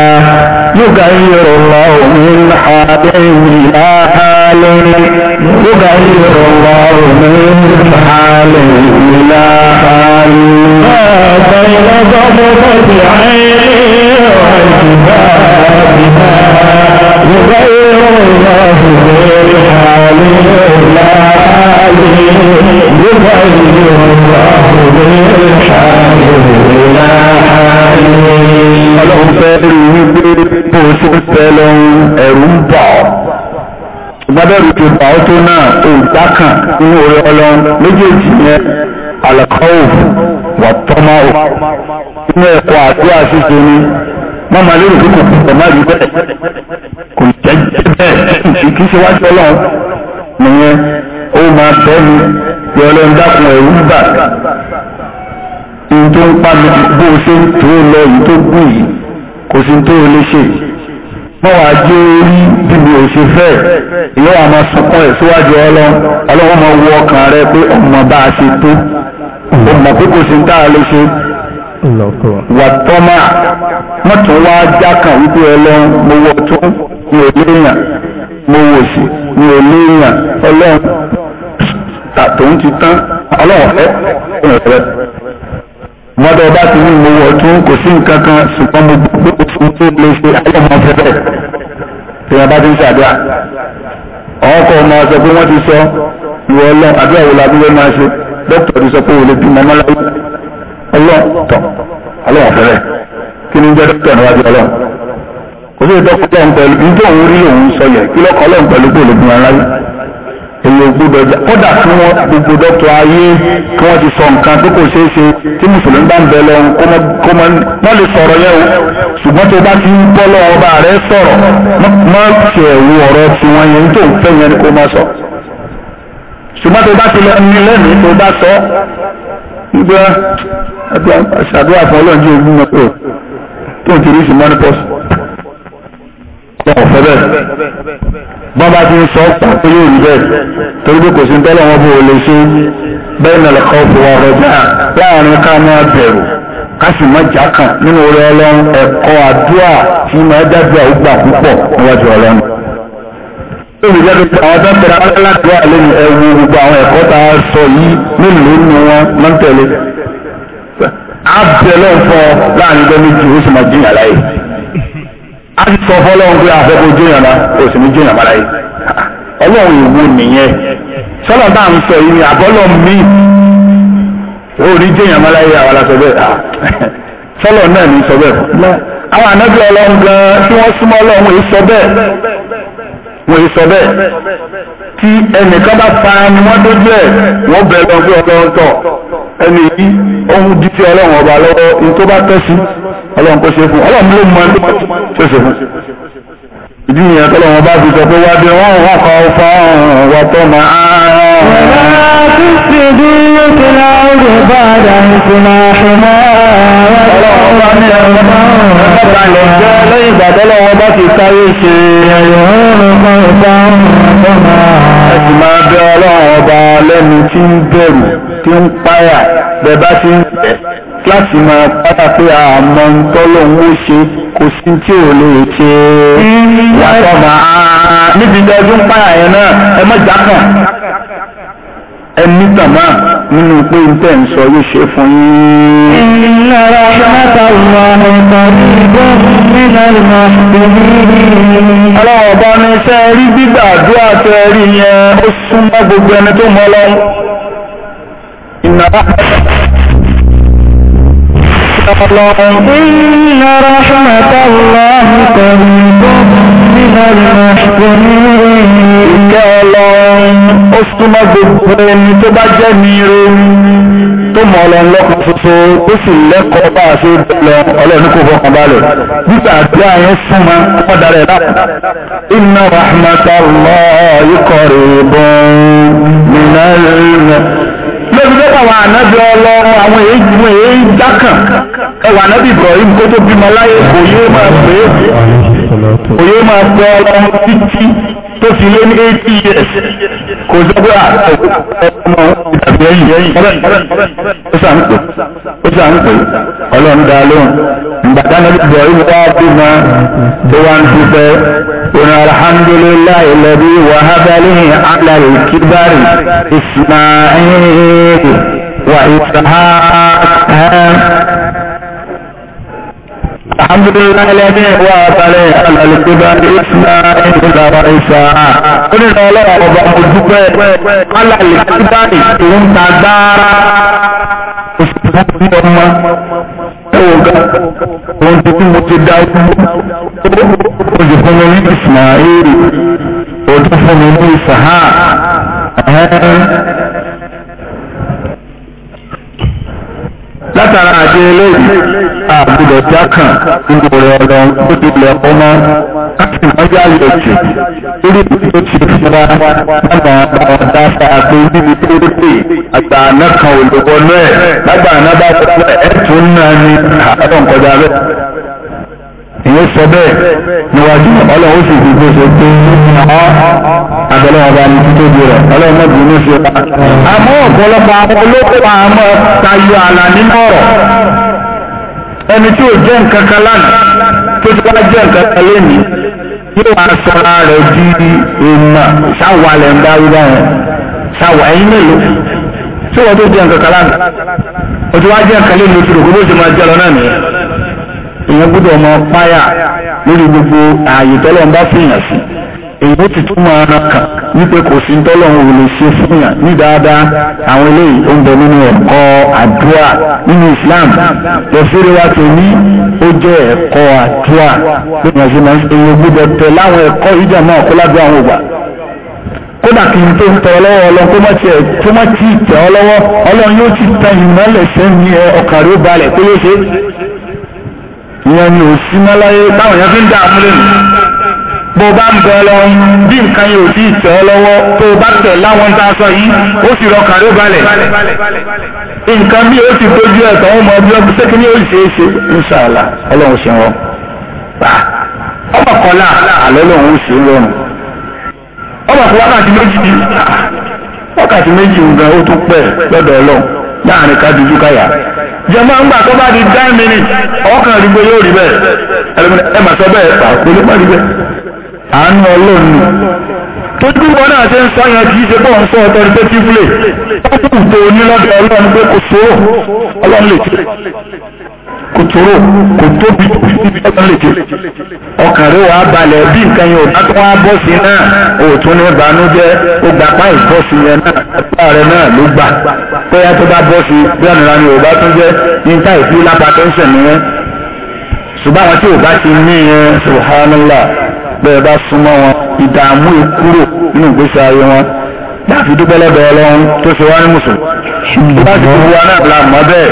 yóga yíyọrọ lọ òun àdé ìlà àlẹ́ yóga yíyọrọ lọ òun àlẹ́ ìlà àlẹ́. àtàyìn lọ́gbọ́n mọ́tò wọn ti bá àṣìyà. ọlọ́run fẹ́ rí wípé bó o ṣe ń fẹ́ lọ́run ẹ̀rù ń bà ọ́ ìgbàbẹ̀rù ti bà ọ́ tó náà òǹgbà kan nínú orí ọlọ́run méjèèjì yẹn àlàkọ́wò wà tọ́mọ́ ò nínú ẹ̀kọ́ àti àṣìṣe ni wọ́n máa lérò pé kò kò kò má rí bẹ́ẹ̀ kò jẹ́ bẹ́ẹ̀ kì í ṣe wájú ọlọ́run nìyẹn ó máa bẹ́ẹ̀ ni ìyọlọ́run dákun ẹ̀rù ń bà ohun tó ń pa mi bó ṣe ń tó lọ yìí tó gùn yìí kò sí tó lè ṣe jẹ́ orí bí fẹ́ ẹ̀ síwájú rẹ pé ọmọ bá a ṣe tó ọmọ pé kò sí tá a lè ṣe wà tọ́mà wá já kan wípé mo wọ tó mi ò léèyàn mo wò mọ́tò ọba ti ní mo wọ̀ tún kò sí nǹkan kan ṣùgbọ́n mo gbogbo fún tó lè ṣe ayé ọmọ fẹ́ bẹ́ẹ̀ tí wọ́n bá ti ń ṣàdúrà ọkọ̀ ọmọ sọ pé wọ́n ti sọ ìwọ ọlọ́ àdúrà wo la dúró máa ṣe dókítà ti sọ pé òun lè bímọ ọmọláyé ọlọ́ọ̀tọ̀ ọlọ́wọ̀n fẹ́ bẹ́ẹ̀ kí ni jẹ́ dókítà níwájú ọlọ́ọ̀ kò sí ìtọ́kùn èyàn gbọ́dọ̀ jà kódà tí wọn gbogbo dọkítọ ayé kí wọn ti sọ nǹkan tó kò ṣeé ṣe tí mùsùlùmí bá ń bẹ lọ kó mọ wọn lè sọ̀rọ̀ yẹn o ṣùgbọ́n tó bá ti ń bọ lọ ọba rẹ sọ̀rọ̀ má tiẹ̀ wo ọ̀rọ̀ tiwọn yẹn tó ń fẹ́ yẹn ni kó má sọ ṣùgbọ́n tó bá ti lọ ní lẹ́mìí tó bá sọ gbígbá ṣàdúrà fún ọlọ́njẹ́ ogun mọ́tò tó ń ti rí sí mọ́nipọ́sì bọ́n bá ti ń sọ pọ̀ pé yóò rí bẹ́ẹ̀ torí pé kò sí tọ́lọ̀ wọn bó o lè ṣe bẹ́ẹ̀ nà lọ́kọ́ fún wa rọ̀jà láàrin ká máa bẹ̀rù ká sì má jà kàn nínú orí ọlọ́run ẹ̀kọ́ àdúrà tí máa jáde àwùgbà púpọ̀ níwájú ọlọ́run. lórí ìjọba tí àwọn tó ń tẹ̀lé aládùúgbò lẹ́nu ẹ̀wù gbogbo àwọn ẹ̀kọ́ tá a sọ yìí nílùú nínú wọn ló ń tẹ̀lé. á bẹ̀rẹ̀ lọ́n fọ láàrin a sọ pé jóyàn náà ní jóyàn mara yìí ọlọ́run nìyẹn sọlọ ń sọ yìí mi ò ní jóyàn yìí àwọn aláṣọ bẹ́ẹ̀ náà ní sọ bẹ́ẹ̀ àwọn ọlọ́run gan tí wọ́n bẹ́ẹ̀ wọ́n bẹ́ẹ̀ tí ẹnìkan pa ni wọ́n wọ́n bẹ̀rẹ̀ ẹni yìí ohun di ti ọlọ́run ọba lọ́wọ́ ní tó bá tẹ́ sí ọlọ́run kó ṣe fún ọlọ́run ló mọ ẹni tó ṣe fún. ìdí ìyẹn tó lọ́wọ́ bá fi sọ pé wáá wọ́n wọ́n kọ́ fọ́ wọ́n tó máa ń rán. wọ́n ti ṣe bí yóò ti ra ọ̀rọ̀ bá ọlọ́run bá ní ẹ̀rọ bá ń lọ jẹ́ lẹ́yìn ìgbà tó lọ́wọ́ bá ti káyé ṣe ẹ̀yọ̀ ọ̀rọ̀ bá ń tí ń páyà bẹ́ẹ̀ bá ti ń bẹ̀ láti máa pátá pé àmọ́ ń tọ́lọ̀ ń ó ṣe kò sí tí ò lè ṣe yàtọ̀ máa níbi ilé ọdún páyà yẹn náà ẹ má jákàn ẹ nítàn máa nínú pé n tẹ̀ ń sọ yóò ṣe fún yín. ìlera mẹ́ta ìwà ọ̀sán ìgbọ́ nílẹ̀ ìmọ̀ ìgbìmọ̀. ọlọ́wọ́ bá ní sẹ́ẹ̀rí gbígbàdúrà tẹ́ẹ̀rí yẹn ó súnmọ́ gbogbo ẹni tó mọ́ lọ́wọ́. إن رحمة الله قريب من المحسنين ìkẹ́ ọlọ́run ó súnmọ́ gbogbo ẹni tó bá jẹ́ ní irú tó mọ̀ ọlọ́run lọ́kàn ṣoṣo tó sì lẹ́kọ̀ọ́ bá a ṣe lọ ọlọ́run kò fọkàn balẹ̀ nígbà tí àyẹn súnmọ́ ọ̀dà rẹ̀ lápò. inna rahmatallahi qaribun minal lórí lọ́pọ̀ àwọn ànábì ọlọ́run àwọn èèyàn jákàn ẹwà ànábì Ibrahim kó tó bímọ láyé kò yé máa pè é òye máa gbọ́ ọmọ títí tó fi lé ní eighty years kò zọ́gbà ah, ọmọ ìdàgbé yìí ó sàn pé ó sàn pé ọlọ́run dá lóhùn ìgbàdá náà bọ̀ ìwé dáadé máa tó wá ń dúpẹ́ òun alhamdulilayi lẹ́bí wàhábálì alàlè kíbárì ismail wa ìsàhà. الحمد لله الذي وهب لي على الكبر اسماعيل وعيسى قل الله ọba ojúgbẹ́ alàlè kíbáàdì tó ń ta dára òṣìṣẹ́ ọmọ ẹwọ̀gá ohun tí mo ti dá ojú fún mi ní ismail ojú fún mi ní isaha látara àti eléyìí àgbọ̀dọ̀ jákàn nínú rẹ̀ lọ lórí ilẹ̀ ọmọ láti ìmọ̀já rẹ̀ jù lórí ìdí tó ti fúnra lábàá àwọn dáfà àti níbi tó rí pé àgbà àná kan ò lè wọnú ẹ̀ lágbà àná bá tọ́lá ẹ̀ tún náà ní àwọn kọjá rẹ̀. ìyẹn sọ bẹ́ẹ̀ níwájú ọlọ́run ó sì fi gbèsè pé àbẹ̀lẹ̀ ọba ní títóbi rẹ̀ ọlọ́run náà bìí ní fi àmọ́ ọ̀pọ̀lọpọ̀ àwọn olókùn àmọ́ tayọ àlà nínú ọ̀rọ̀ ẹni tí ò jẹ́ nǹkan kan lánàá tó ti wá jẹ́ nǹkan kan lónìí yóò wá sọra rẹ̀ di èèmà sáwà lẹ̀ ń darí báyẹn sáwà ẹ̀yin mélòó tí wọ́n tó jẹ́ nǹkan kan lánàá o ti wá jẹ́ nǹkan lónìí oṣù rògbò bó ṣe máa jẹ́ lọ náà nìyẹn ìyẹn gbọ́dọ̀ ọmọ páyà lórí gbogbo ààyè tọ́lọ́ ń bá fìyàn sí èyí ti tún máa kàn wípé kò sí tọ́lọ́run ò lè ṣe fún yàn ní dáadáa àwọn eléyìí ó ń bẹ nínú ẹ̀kọ́ àdúrà nínú Islam lọ́sẹ̀rẹ̀ wa ti ní ó jẹ́ ẹ̀kọ́ àdúrà bí wọ́n ṣe máa ń ṣe èyí gbọ́dọ̀ tẹ̀ láwọn ẹ̀kọ́ ìjà náà kó ládùn àwọn ògbà ni ò sí táwọn bó bá ń bẹ lọ bí nǹkan lọ́wọ́ tó bá tẹ̀ láwọn tá a sọ yìí ó sì rọkàn ló balẹ̀ nǹkan ti ẹ̀ ọmọ ọdún ọdún sẹ́kì ní ṣe wọn. ọmọ kọlá àlọ́ lòun ṣe ń rọrùn ọmọ wákàtí méjì wákàtí méjì nǹkan ó di ọkàn yóò rí ẹ sọ pàápàá ló má rí àánú ọlọ́run tó dúpọ̀ náà ṣe ń sọ kì í ṣe ń sọ tó ní lọ́dọ̀ ọlọ́run pé kò sóró ọlọ́run lè tẹ̀ kò tóró kò tóbi ọlọ́run lè tẹ̀ ọkàn rẹ̀ wàá balẹ̀ bí nǹkan yẹn ò bá tún wá bọ́ sí náà ní ó gbà yẹn náà náà ló bẹ́ẹ̀ bá súnmọ́ wọn ìdààmú ìkúrò nínú ìgbésí ayé wọn láti dúpẹ́ lọ́dọ̀ ọlọ́run tó ṣe wá ní mùsùlùmí láti fi wa náà la mọ́ bẹ́ẹ̀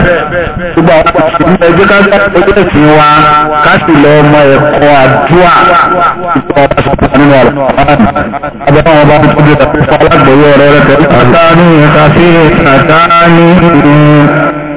gbogbo àwọn ọ̀sìn ẹgbẹ́ ká ẹgbẹ́ ẹ̀sìn wa ká sì lọ ọmọ ẹ̀kọ́ àdúrà ìtọ́ ọba sọ̀tọ̀ nínú ọ̀rọ̀ abẹ́rẹ́ àwọn ọba tó dé ọ̀pọ̀ alágbèéyé ọ̀rọ̀ rẹ̀ tẹ̀lé. àtàní àtàfíì àtàní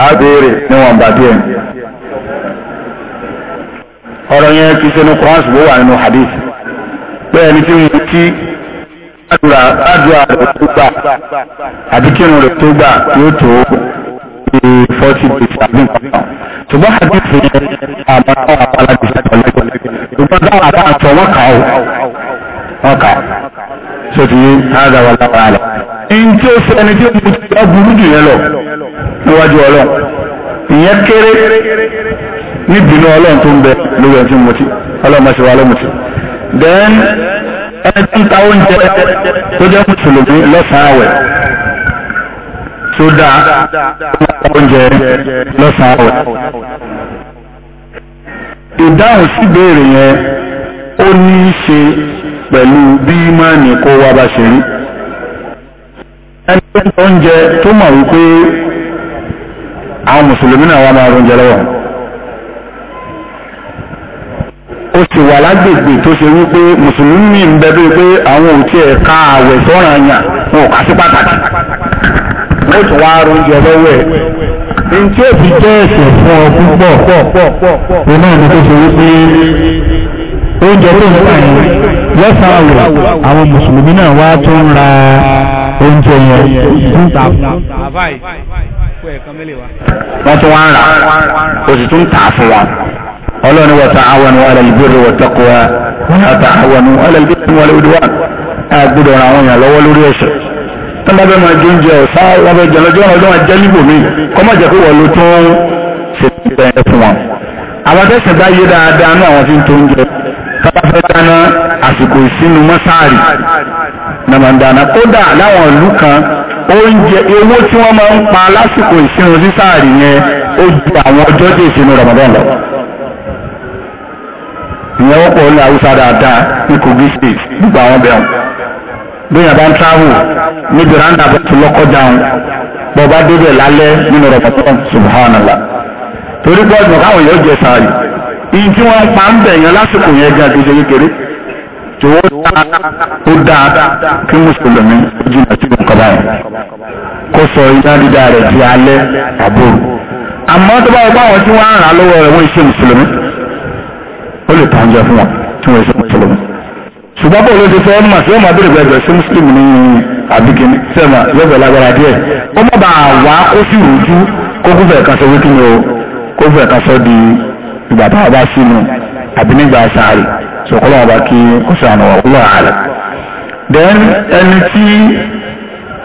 ha béèrè níwọ̀nba díẹ̀ ọ̀rọ̀ yẹn kì í ní Quran ṣùgbọ́n wà nínú hadith bẹ́ẹ̀ ni tí mo kí àdúrà àdúrà rẹ̀ tó gbà àbí kírun rẹ̀ tó gbà yóò tó ṣe forty days àbí nǹkan kan hadith yẹn àwọn wọn kà ó wọn kà ha ẹni tí ti burú jù yẹn lọ. níwájú ọlọ́run ìyẹn kéré níbinú ọlọ́run tó ń bẹ lórí ẹni tí mo ti ọlọ́run máa ṣe wà lọ́mùtì. then ẹni tó ń ta oúnjẹ tó jẹ́ mùsùlùmí lọ́sàn-án àwẹ̀ tó oúnjẹ lọ́sàn-án àwọn mùsùlùmí náà wà máa lọ́wọ́ ó sì wà lágbègbè tó ṣe pé mùsùlùmí ń bẹ pé àwọn ò tiẹ̀ ka àwẹ̀ sọ́ràn yàn wọn sí pàtàkì ó tún wá ronjẹ lọ́wọ́ ẹ̀ ntí ó jẹ́ ẹ̀sẹ̀ fún ọ púpọ̀ ni tó ṣe mùsùlùmí náà wá ra oúnjẹ yẹn wọ́n tún wá ń rà o sì tún tà á fún wọn. ọlọ́run wa ta'awanu 'ala al-birri wat-taqwa wa la ta'awanu 'ala al-ithmi wal-'udwan àgbọ̀dọ̀ ra àwọn èèyàn lọ́wọ́ lórí ẹ̀ṣẹ̀ tó bá máa jẹ oúnjẹ ọ̀sán wọn bẹ jẹun lọ́jọ́ ọ̀dọ́ máa jẹ́ níbò mí kọ́ má jẹ́ pé wọ́n ló tún ṣe bẹ́ẹ̀ fún wọn oúnjẹ owó tí wọ́n máa ń pa lásìkò ìsinmi sísáàrì yẹn ó ju àwọn ọjọ́ dé ìsinmi Ramadan lọ ìyẹn wọ́pọ̀ ní Haúsá dáadáa ní Kogi state gbogbo àwọn bẹ̀rù bí yàrá ń travel ní veranda bá ti lọ́kọ́ dáhùn bọ́ bá débẹ̀ lálẹ́ nínú Ramadan subhanallah torí pé ọdún káwọn yóò jẹ sáàrì ìyí tí wọ́n pa ń bẹ̀ lásìkò yẹn gan gẹ́gẹ́ kékeré. jòwó ó dáa kí mùsùlùmí ojii sí nǹkan báyìí kó sọ iná dídá rẹ̀ di alẹ́ àbúrò àmọ́ tó bá wọ tí wọ́n á ràn án lọ́wọ́ rẹ̀ wọ́n ṣe mùsùlùmí ó lè tàn jẹ fún wọn tí wọ́n ṣe mùsùlùmí ṣùgbọ́n bó ló ti fẹ́ mọ̀ sí ọmọ sí mùsùlùmí ní sẹ́mà lágbára kó sọ̀kọ́lá ọba kí ó sànù ọ̀kúlọ̀ ààrẹ then ẹni tí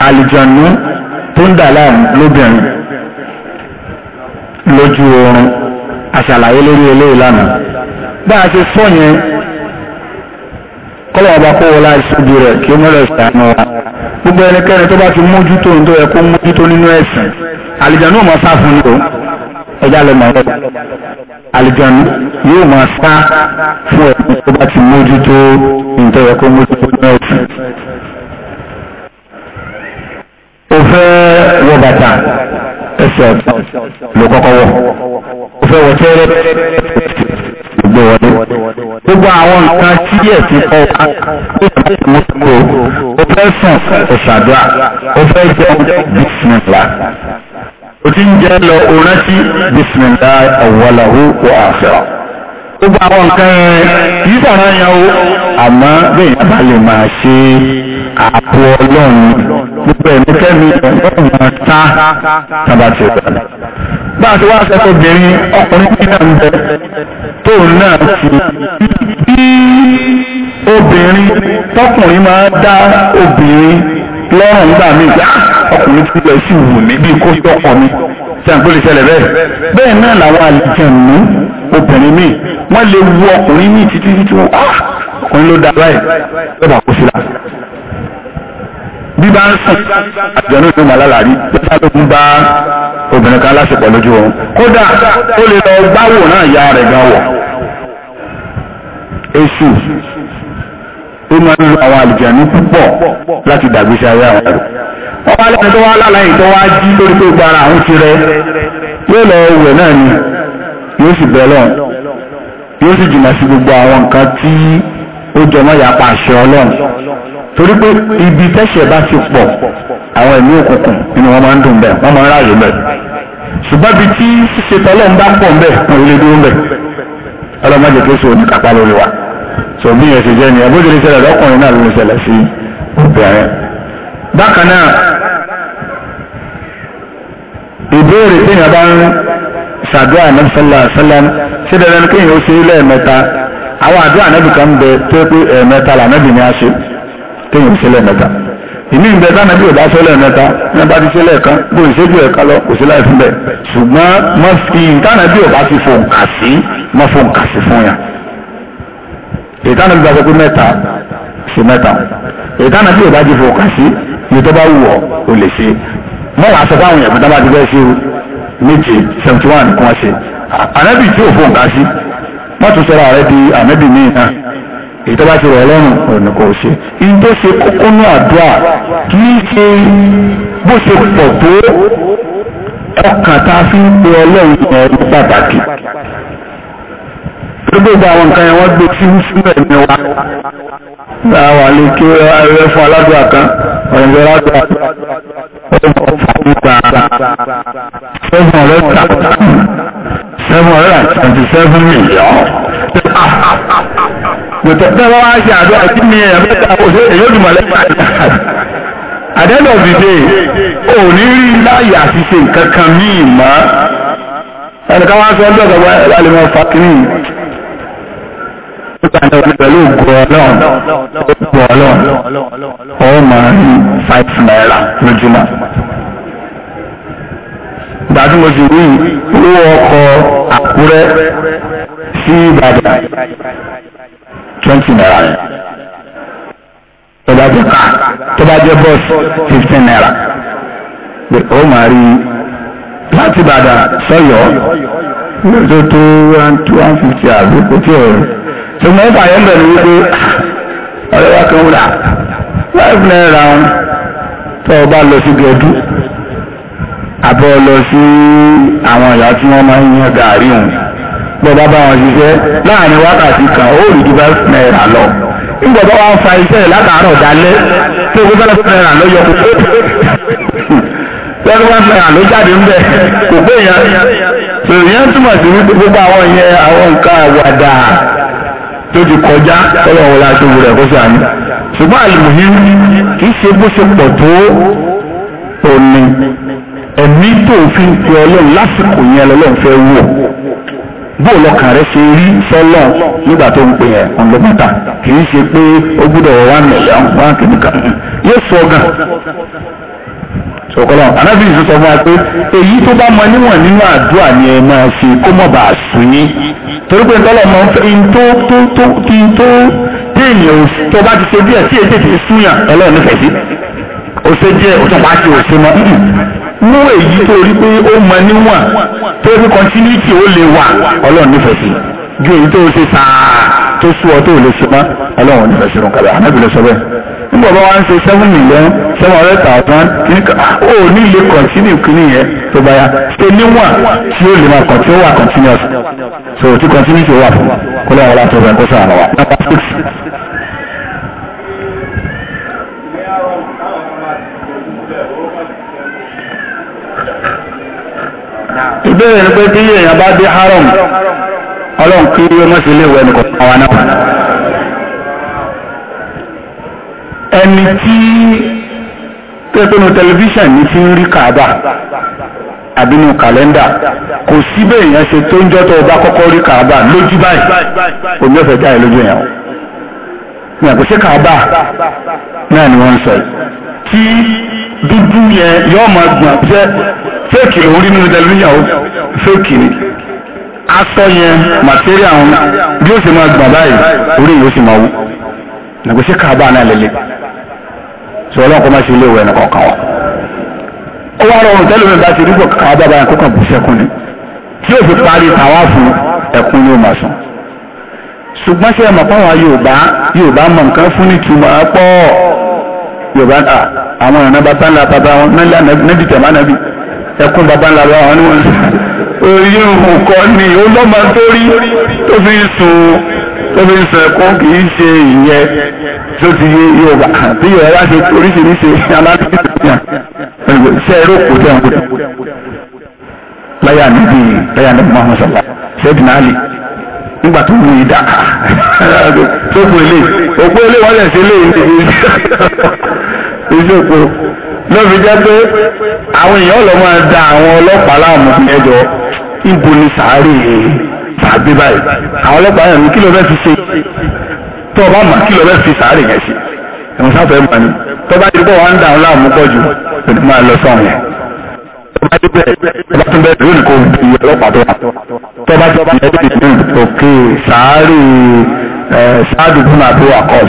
àlìjànú tó ń dà láàmú lóbìnrin lójú oorun àṣàlàyé lórí eléyìí lánàá bá a ṣe sọ yẹn kọ́lọ̀ ọba kó wọlá ìṣojú rẹ̀ kí ó mọ̀rẹ̀ sànù wa gbogbo ẹnikẹ́ni tó bá ti mójútó ohun tó yẹ kó mójútó nínú ẹ̀sìn àlìjànú ò ẹja lọ mọ̀ ọ́ alìjọ́nù yóò máa sá fún ẹ̀kọ́ tó bá ti mójútó nǹkan yẹ kó mójútó náà fún. o fẹ́ wọ bàtà ẹsẹ̀ ló kọ́kọ́ wọ̀ o fẹ́ wọ tẹ́rẹ́ gbogbo wọlé gbogbo àwọn nǹkan tí ẹ̀sìn kọ́ wa ó fẹ́ mú o fẹ́ sùn ọ̀ṣàdúrà o fẹ́ jẹun bísí nìlá o ti ń jẹ́ lọ orántí bisimilahi awalahu wa akhira gbogbo àwọn nǹkan yìí sàrán yẹn o àmọ́ bẹ́ẹ̀ yẹn bá lè máa ṣe àpò ọlọ́run gbogbo ẹ̀mí kẹ́mi ọ̀hún máa lọ́rùn gbà mí gbà ah, ọkùnrin tí ilẹ̀ sì wù mí bí kó tọkọ mi sẹ́ǹkó lè ṣẹlẹ̀ bẹ́ẹ̀ bẹ́ẹ̀ náà làwọn àlìjẹ̀mú obìnrin míì wọ́n lè wu ọkùnrin míì títí títí wọn ah, ọkùnrin ló da báyìí lọ́ba kó síra bí bá ń sùn àjọyọ̀ ìlú màlálàrí pẹ́sà ló ń bá obìnrin kan láṣepọ̀ lójú wọn kódà ó lè lọ gbáwò náà ya rẹ̀ gan wọ̀ èṣù ó máa ń lo àwọn àlùjànnú púpọ̀ láti dàgbéṣe ayé àwọn ẹ̀rọ. wọ́n wá lẹ́nu tó wá lálàyé tó wá jí lórí pé gbára àwọn ti rẹ yóò lọ wẹ̀ náà ni yóò sì bẹ̀ lọ́n yóò sì jìnnà sí gbogbo àwọn nǹkan tí ó jọmọ́ yàpá àṣẹ ọlọ́run torí pé ibi tẹ́ṣẹ̀ bá ti pọ̀ àwọn ẹ̀mí òkùnkùn nínú wọn máa ń dùn bẹ́ẹ̀ wọ́n máa ń ráàyè bẹ́ẹ̀ ṣùgbọ́n ibi tí ṣíṣe tọ́lọ́run bá pọ̀ bẹ́ẹ̀ wọn lè dúró bẹ́ẹ̀ ọlọ́mọdé tó ṣe oníkàpá lórí wa tó bí yẹn ṣe jẹ́ ni abójú lè ṣẹlẹ̀ lọ́kùnrin náà ló lè ṣẹlẹ̀ sí obìnrin. bákan náà ìbéèrè tí yẹn bá ń ṣàdúrà ànábì sọlá sálám ṣé dandan ni kéèyàn ó ṣe lẹ́ẹ̀mẹ́ta àwọn àdúrà ànábì kan bẹ tó pé ẹ̀ẹ̀mẹ́ta làǹábì ni a ṣe kéèyàn ó ṣe lẹ́ẹ̀mẹ́ta ìní ìgbẹ́ tánàbí òdá sọ́lẹ̀ mẹ́ta ní ọba ti sílẹ̀ kan bó ìṣẹ́jú ẹ̀ka lọ kò sí láì fún bẹ́ẹ̀ ṣùgbọ́n mọ́sí tánàbí òdá ti fòǹkà sí mọ́fòǹkà sí fún yàn ìtànà gbígbà sọ pé mẹ́ta sí mẹ́ta ìtànà tí ìbá jí fòkà sí ní tó bá wù ọ́ ò lè ṣe mọ́wàá sọ fáwọn èèyàn mẹ́ta bá ti bẹ́ẹ̀ ṣe méje seventy one kan ṣe ànábì tí ò fò nǹkan sí wọ́n tún sọ̀rọ̀ di ànábì míì náà èyí tó bá ti rọ̀ ọlọ́run òní kò ṣe in tó ṣe kókó ní àdúrà kì í ṣe bó ṣe pọ̀ tó ọkàn tá a fi ń pe ọlọ́run ẹ̀rọ pàtàkì gbogbo àwọn nǹkan yẹn wọ́n gbé sí sílẹ̀ ní wa láwà lè kí ẹrẹ fún aládùá kan ọ̀rẹ́dẹ̀ aládùá ọ̀fà nípa seven hundred seven hundred twenty seven million. Gbẹ̀tẹ̀tẹ̀wọ́ wá ṣe àdó àti mi ẹ̀yà mẹ́ta òṣè èyó dùmọ̀ lẹ́gbàá. At the end of the day, ò ní rí láyé àti ṣe nǹkan kan míì mọ́. Ẹnìkan wá sọ ọjọ́ ìgbàgbọ́ ẹ̀rọ alẹ́ mọ́ fàkìrì nígbà náà pẹ̀lú ògùn ọlọ́run ògùn ọlọ́run ó máa ń five naira lójúmọ́. ìgbà tí mo sì rí owó ọkọ̀ àkúrẹ́ sí ìbàdàn twenty naira yẹn tó bá jẹ́ ká tó bá jẹ́ bọ́ọ̀sì fifteen naira ó máa rí láti ìbàdàn sọ́yọ́ lójó tó one two one fifty àbí kò tí ò rí. ṣùgbọ́n ìgbà yẹn bẹ̀rù wípé ọ̀rẹ́ wa kan wúrà naira ń tọ́ ọ bá lọ sí gẹ̀ẹ́dú àbọ̀ lọ sí àwọn ìyá tí wọ́n ma ń yan gàárì hùn bọ́ba bá wọn láàrin wákàtí kan ó rí ju naira lọ nígbà bá wọn fa iṣẹ́ fẹ́ jáde ń bẹ̀ kò pé yẹn wípé gbogbo àwọn yẹn àwọn nǹkan tó ti kọjá ọlọ́run la ṣe wúrẹ̀ kó sàánú ṣùgbọ́n àlùmí kì í ṣe bó ṣe pọ̀ tó òní ẹ̀mí tó fi ń pe ọlọ́run lásìkò yẹn lọ́lọ́run fẹ́ wò bóò lọ́kàn rẹ̀ ṣe rí sọ́lọ̀ nígbà tó ń pè ẹ̀ ọ̀nlọ́pàtà kì ṣe pé ó gbúdọ̀ wà mílíọ̀nù wà kìnnìkan yóò sọ gan ọ̀kọ́lọ́ anábì yìí sọ fún wa pé èyí tó bá mọ níwọ̀n nínú àdúrà ni ẹ máa ṣe kó mọ̀ bá a sí ní torí pé tọ́lọ̀ mọ in tó tó tó kí n tó téèyàn tó bá ti ṣe díẹ̀ tí èyí tètè súyàn ọlọ́run nífẹ̀ẹ́ sí òṣè jẹ́ òtún pa ṣe òṣè mọ́ mú èyí tó rí pé ó mọ níwọ̀n tó rí continuity ó lè wà ọlọ́run nífẹ̀ẹ́ sí ju èyí tó ṣe sáà tó sú ọ tó lè ṣe mọ́ ọlọ́run nífẹ̀ẹ́ sí tí bàbá wa ń ṣe seven million seven hundred thousand ó ní ilé continue kìíní yẹn tó bá yá ṣe níwọ̀n tí ó lè máa continue wà continuous so tí continue ṣe wà fún kó lè wọlé àti ọ̀bẹ̀ kó sàn àwọn wa. number six. ìbéèrè ni pé bí èèyàn bá dé haram ọlọ́run kí ó mọ̀ sí ilé ìwé ẹnì kọ̀ọ̀kan náà. ẹni tí tẹ́tọ́nù tẹlifíṣàn ní ti ń rí kàábà àbínú kàlẹ́ndà kò síbẹ̀ èèyàn ṣe tó ń jọ́tọ̀ ọba kọ́kọ́ rí kàábà lójú báyìí omi ọ̀fẹ́ jáde lójú èèyàn ní àpèsè kàábà náà ni wọ́n ń sọ tí dúdú yẹn o fẹ́ẹ̀kì ni aṣọ yẹn màtíríà wọn bí ó sì máa gbọ̀n báyìí orí sọ ọlọ́run kó má ṣe ilé ìwé ẹnì kọ̀ọ̀kan wa. ó wá rọrùn tẹ́lẹ̀ mi bá ti rígbò kàkà bàbá yẹn kókàn bù sẹ́kùn ni tí ó fi parí tàwa fún ẹkún ni ó máa sùn. ṣùgbọ́n ṣe mọ̀ fáwọn Yorùbá Yorùbá mọ̀ nǹkan fún ní ìtumọ̀ pọ̀ Yorùbá àwọn ìran bàbá ńlá bàbá wọn nílẹ̀ nẹ́bí tẹ̀má nẹ́bí ẹkún bàbá ńlá bàbá wọn ni wọ́n orí sùn lóbi ń sọ ẹkún kì í ṣe ìyẹn tó ti yé yorùbá bí yorùbá bá ṣe oríṣiríṣi aláàbíyàn nígbà tó tó ilé òpó ilé wọn ilé ló fi pé àwọn èèyàn lọ máa da àwọn láàmú sàárè sàgbé báyìí àwọn ọlọ́pàá yẹn kí ló fẹ́ fi ṣe tó o bá mọ̀ kí ló fẹ́ fi sàárè yẹn ṣe ẹ̀wọ̀n sáfẹ́ mọ̀ ni tó bá yẹ kó wà ń dà ọ́ láàmú pọ̀ jù pẹ̀lú máa lọ sọ́run yẹn bá dé bẹ́ẹ̀ ọba tó bẹ́ẹ̀ lónìí kò bí ọlọ́pàá tó wà tọ́ba tó bẹ́ẹ̀ tó ti dùn òkè sàárì ẹ̀ sáàdù fún àbí wàkọ́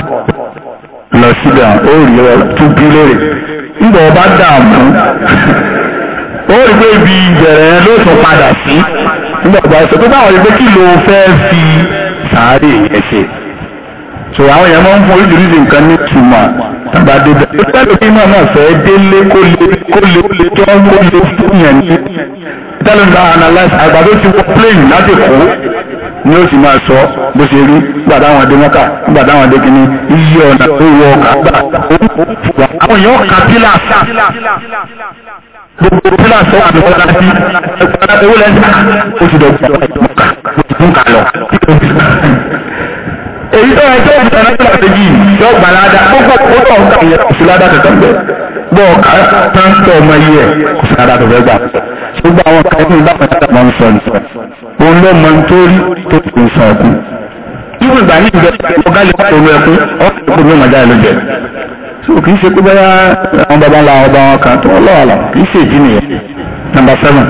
lọ síbẹ̀ ó rí ọ tún bí lóore ńgbà ọba dààmú ó rí pé ibi ìbẹ̀rẹ̀ ló tún padà sí nígbà ọba ẹsẹ tó báwọn ẹgbẹ́ kí ló fẹ́ fi sàárè àwọn èèyàn máa ń fún oríṣiríṣi nǹkan ní tẹ́lẹ̀ náà fẹ́ délé kó lè kó lè tó kó lè fún yẹn ní tẹ́lẹ̀ analyse àgbàdo ti wọ plane láti kú sì máa sọ bó ṣe rí adé mọ́kà adé iye ọ̀nà tó wọ gbà àwọn èèyàn kà pílà gbogbo pílà sọ àmì wọn láti ẹgbẹ́ owó lẹ́sà oṣù dọ̀gbọ̀n oṣù kà lọ. èyí tó ẹjọ́ ìtàn ẹgbẹ́ àtẹ̀jì yóò gbà ládàá gbogbo owó tó ń kà yẹ oṣù ládàá tó tẹ̀lé bọ́ ọ̀ká tán tó ọmọ yìí ẹ̀ oṣù ládàá tó fẹ́ gbà. gbogbo àwọn ọ̀ká ẹgbẹ́ ìgbà pàtàkì máa ń sọ ní òun ló máa ń torí tó ti ń sọ ọkùn. ìgbìgbà yìí ń bẹ ọ̀gá lè pàtó so kì í ṣe pé bóyá àwọn baba ńlá ọba wọn kan tó lọ́wọ́ àlà kì í ṣe ìdí nìyẹn nàmbà sẹ́wọ̀n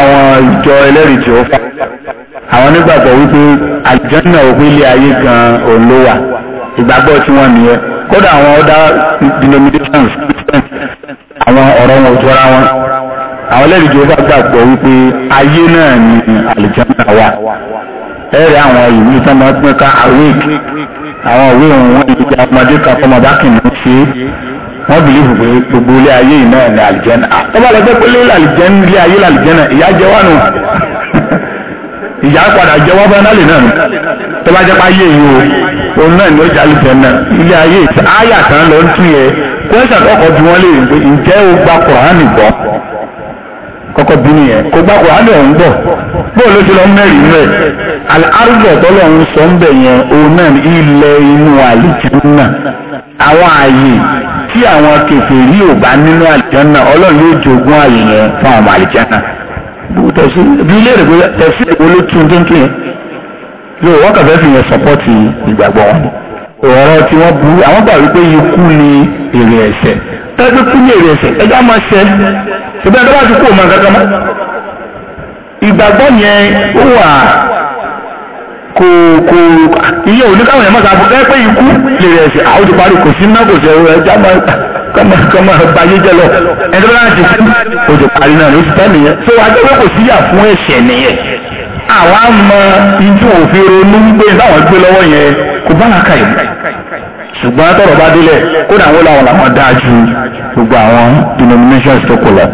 àwọn ìjọ ẹlẹ́rìí tí ó fà àwọn nígbàgbọ́ wípé àlùjànnà òpin ilé ayé gan òun ló wà ìgbàgbọ́ tí wọ́n nìyẹn kódà àwọn other denominations àwọn ọ̀rọ̀ wọn jọra wọn àwọn ẹlẹ́rìí tí ó fà gbàgbọ́ wípé ayé náà ni àlùjànnà wà ẹ̀rẹ̀ àwọn ìlú tí wọ́n máa ń awake àwọn òwe òun wọn ìdíje ọmọdé kan fọmọdé kìnnìún ṣe wọn bìlífù pé gbogbo ilé ayé yìí náà ní àlìjẹ́nà ọba lọ pé pélé àlìjẹ́nà ilé ayé làlìjẹ́nà ìyá jẹ wá nù ìyá padà jẹ wá bá nálè náà nù tó bá jẹ pé ayé yìí o òun náà ní ó jẹ àlìjẹ́nà ilé ayé ayé àtàn lọ ń tún yẹ kó ẹ̀sán kọ́kọ́ bí wọ́n lè rìn pé ǹjẹ́ o gba Kùránì gbọ́ kọ́kọ́ bí nìyẹn kò gbá kò ádùn ọ̀hún bọ̀ bóò ló ti lọ mẹ́rin rẹ̀ alárùbọ̀ tọ́lọ̀ ń sọ ń bẹ̀ yẹn òun náà ilẹ̀ inú àlìjánná àwọn ààyè tí àwọn kèfèrí ò bá nínú àlìjánná ọlọ́run yóò jogún ààyè yẹn fún àwọn àlìjánná bí ilé rẹ̀ tẹ̀sí ìwọlé tuntun yẹn yóò wọ́n kàfẹ́ fi yẹn sọpọ́tì ìgbàgbọ́ wọn ọ̀rọ̀ tí wọ́n burú àwọn gbà wípé ikú ni èrè ẹ̀ṣẹ̀ tẹ́lẹ̀ kú ní èrè ẹ̀ṣẹ̀ ẹjọ́ máa ṣẹ ṣùgbọ́n ẹjọ́ bá ti kú òun kankan mọ́ ìgbàgbọ́ yẹn ó wà kò kò iye òní káwọn èèyàn mọ̀ta fún pé ikú lè rẹ̀ àwọn ti parí kò sí ná kò sí ẹ̀rọ máa kọ́mọ bayé jẹ́ lọ ẹjọ́ bá ti kú òjò parí náà ló ti tẹ́ nìyẹn so ajọ́ pé kò síyà fún ẹ̀ṣẹ̀ nìyẹn àwa mọ ijó òfin ronú gbé láwọn gbé lọ́wọ́ yẹn kò bá àkà yìí ṣùgbọ́n tọrọ bá délẹ̀ kódà àwọn làwọn làwọn dáa ju gbogbo àwọn denominations tó kù lọ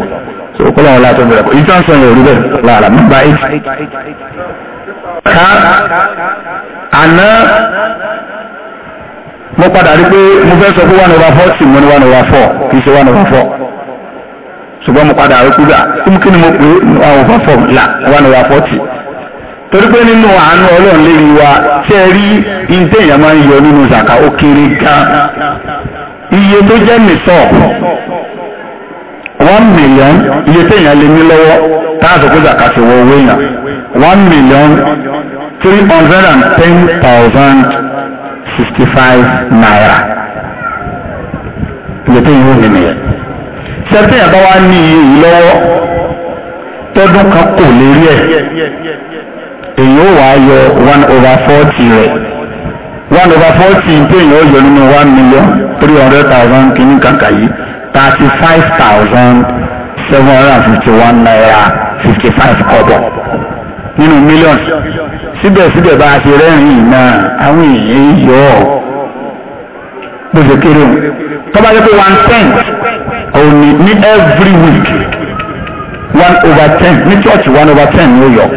so kó làwọn láti bẹ̀rẹ̀ yìí tán sọ̀rọ̀ orí bẹ́ẹ̀ lára nígbà eight. ká àná mo padà rí pé mo fẹ́ sọ pé one over four sì mo ní one over four kì í ṣe one over four ṣùgbọ́n mo padà rí pé kí ni mo pè one over four là one over forty torí nínú àánú ọlọ́run lérí wa tẹ́ rí ìdé máa ń yọ nínú zaka ó kéré gan iye tó jẹ́ nìsọ̀ one million iye téèyàn lè ní lọ́wọ́ táàtò kó zaka ti wọ owó èèyàn one million three hundred and ten thousand sixty five naira iye téèyàn ò ní nìyẹn sẹ́tẹ̀yàn bá wá ní iye yìí lọ́wọ́ tọ́dún kan kò lérí ẹ̀ èyí ó wàá yọ one over forty rẹ̀ one over forty tí èyí ó yọ nínú one million three hundred thousand kìíní kàkà yìí thirty five thousand seven hundred and fifty one naira fifty five kọ́bọ̀ nínú million síbẹ̀síbẹ̀ bá a ṣe rẹ́rìn-ín náà àwọn èèyàn yọ ọ́ bó ṣe kéré o tó yẹ pé one cent òun ní every week one over ten ní church one over ten ni ó yọ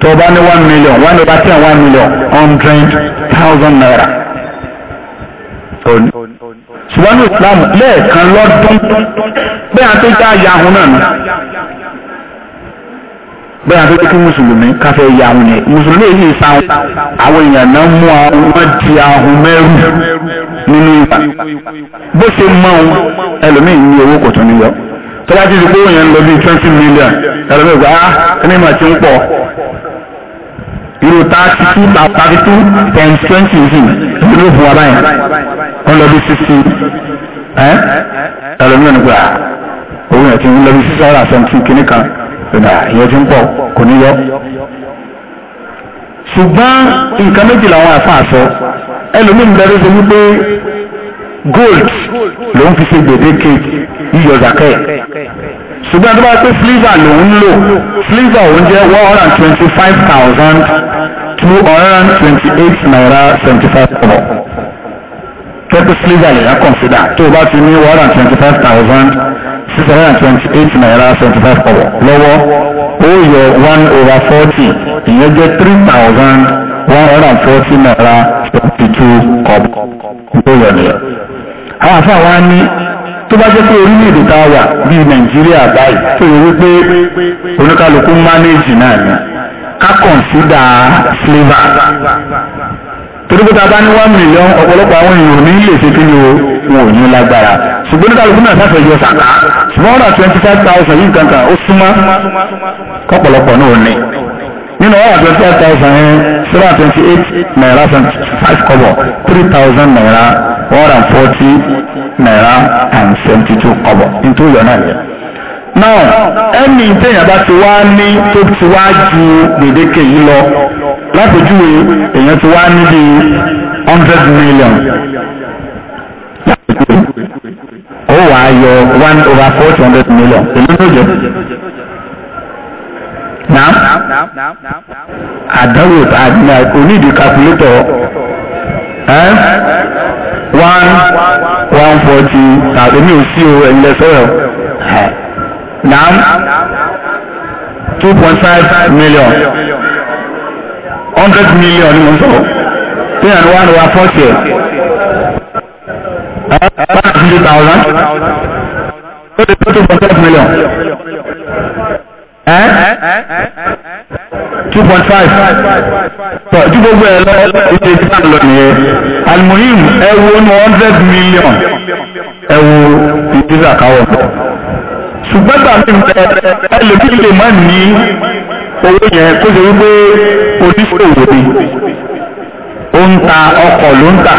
tó bá ní one million one over ten one million hundred thousand naira. ṣùgbọ́n ní Islam lẹ́ẹ̀kan lọ́dún bẹ́ẹ̀ àti já yahoo náà nù bẹ́ẹ̀ àti kí mùsùlùmí káfẹ́ yahoo ni mùsùlùmí èyí ni sáwọn àwọn èèyàn náà mú àwọn di ahun mẹ́rù nínú ìgbà bó ṣe mọ ohun ẹlòmíì ní owó kò tún ní yọ tọ́lá ti di pé òun yẹn ń lọ bí twenty million ẹlòmíì gbà á ah, ẹni mà ti ń pọ̀ irú thirty two thirty two times twenty sí ló fún wa báyìí wọ́n lọ bí sixty ẹ́ ẹlòmíràn nígbà ah, owó yẹn ti ń lọ bí six hundred and seventeen kìíní kan ìyẹn ti ń pọ̀ kò ní yọ. ṣùgbọ́n nǹkan méjì làwọn àfáà sọ ẹlòmíràn bẹ̀rẹ̀ ṣe wípé gold ló ń fi ṣe gbèdéke yíyọ zakẹ́ ṣùgbọ́n tó bá pé sliver lòún lò sliver òun jẹ́ one hundred and twenty five thousand two hundred and twenty eight naira seventy five kobo kẹ́pẹ́ sliver lè yá consider tó o bá ti ní one hundred and twenty five thousand six hundred and twenty eight naira seventy five kobo lọ́wọ́ ó yọ one over forty ìyẹn jẹ́ three thousand one hundred and forty naira seventy two kobo ló yọ nìyẹn. àwọn àfáà wa ní tó bá jẹ́ pé orílẹ̀-èdè tá a wà bíi nàìjíríà báyìí tó yẹ wípé oníkálukú mánéèjì náà ni ká kọ̀ǹsídà flavour torí pé tá a bá ní one million ọ̀pọ̀lọpọ̀ àwọn èèyàn ò ní lè ṣe kí ni o wọn ò ní lágbára ṣùgbọ́n oníkálukú náà sáfẹ́ yọ sàkà ṣùgbọ́n ọ̀rọ̀ twenty five thousand yìí nǹkan kan ó súnmọ́ kọ́pọ̀lọpọ̀ náà ò ní nínú ọ̀rọ̀ twenty five thousand yẹn seven twenty eight naira five kọ́bọ̀ three thousand naira one hundred and forty naira and seventy two kọ́bọ̀ nítorí ọ̀nà yẹn. now ẹni téèyàn bá ti wá ní tó ti wá ju gbèdéke yìí lọ lápèjúwe èèyàn ti wá ní bíi hundred million ó wàá yọ one over four hundred million èló ló jẹ náà àdánwò onídìí calculator ẹ́ eh? one one forty àbẹ̀mí ò sí o ẹ̀yìn lẹ́sọ̀ rẹ̀ eh. naam two point five million hundred million ni mo sọ tí yàn wà ní wa forty ẹ̀ eh? one hundred thousand ó lè tó two point five million two point five tọ ju gbogbo ẹ lọ ilé islam lọ nìyẹn almuhim ẹ wo one hundred million ẹ wo ìdíjà káwọ ṣùgbọ́n tàbí ẹ ẹlòmí lè má ní owó yẹn kó ṣe wípé oníṣòwò ni ó ń ta ọkọ̀ ló ń tà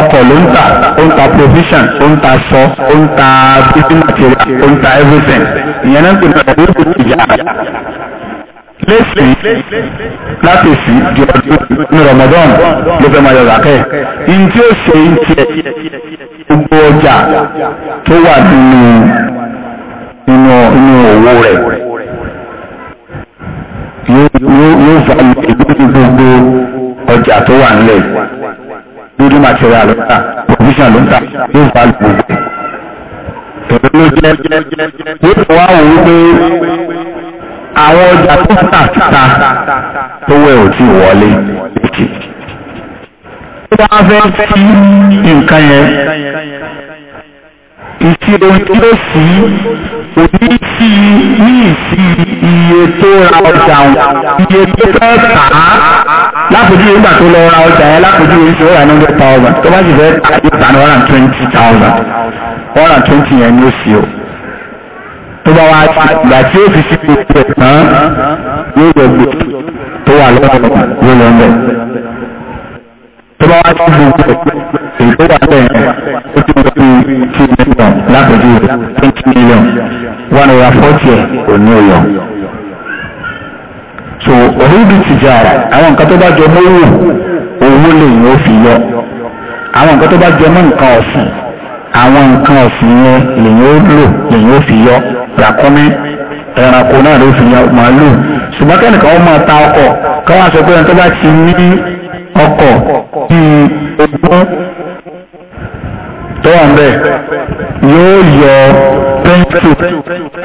ọkọ̀ ló ń tà ó ń ta provision ó ń ta aṣọ ó ń ta building material ó ń ta everything ìyẹn náà ń pè ní ọ̀dọ́ ìlú ìyá lẹ́sìn láti sí di ọdún ní Ramadan ló fẹ́ máa yọ zakẹ́ in tí ó ṣe ń tiẹ̀ gbogbo ọjà tó wà nínú inú inú owó rẹ̀ yóò yóò yóò fà lè lórí gbogbo ọjà tó wà nílẹ̀ lórí material ló ń tà provision ló ń tà yóò bá lò wọ́n. Tòló ló jẹ́ yóò tó wá wò ó pé àwọn ọjà tó ń tà ta tó wẹ̀ ò tí wọlé lókè. Ó wá fẹ́ fi nǹkan yẹn. Ìṣirò ìdílé sí kò ní sí ní ìsí iye tó ra ọjà iye tó fẹ́ tà á lápòjú ìgbà tó lọ ra ọjà yẹn lápòjú oríṣi ó ní hundred thousand tó bá sì fẹ́ tà yóò tà ní one twenty thousand one twenty yẹn ní oṣù o tó bá wá sí ìgbà tí ó fi sí gbogbo ẹ̀ tán yóò yọ gbogbo tó wà lọ́wọ́ yóò lọ bẹ̀ tó bá wá tó gbogbo èyí tó wà bẹ́ẹ̀ ó ti lọ bí two million lápẹ̀jú twenty million one over forty ẹ̀ kò ní ọ̀yọ́. so òhìbí ti jẹ́ ara àwọn nǹkan tó bá jọ mọ́wò owó lèyìn ó fi yọ àwọn nǹkan tó bá jẹ mọ́ nǹkan ọ̀sìn àwọn nǹkan ọ̀sìn yẹn lèyìn ó lò lèyìn ó fi yọ ràkúnmí ẹranko náà ló fi yọ màálù ṣùgbọ́n kẹ́nìkan ó máa ta ọkọ̀ káwọn aṣọ pé ẹni tó bá ti ní ọkọ̀ tí ogún tó wà ń bẹ̀ yóò yọ pẹ́ńtò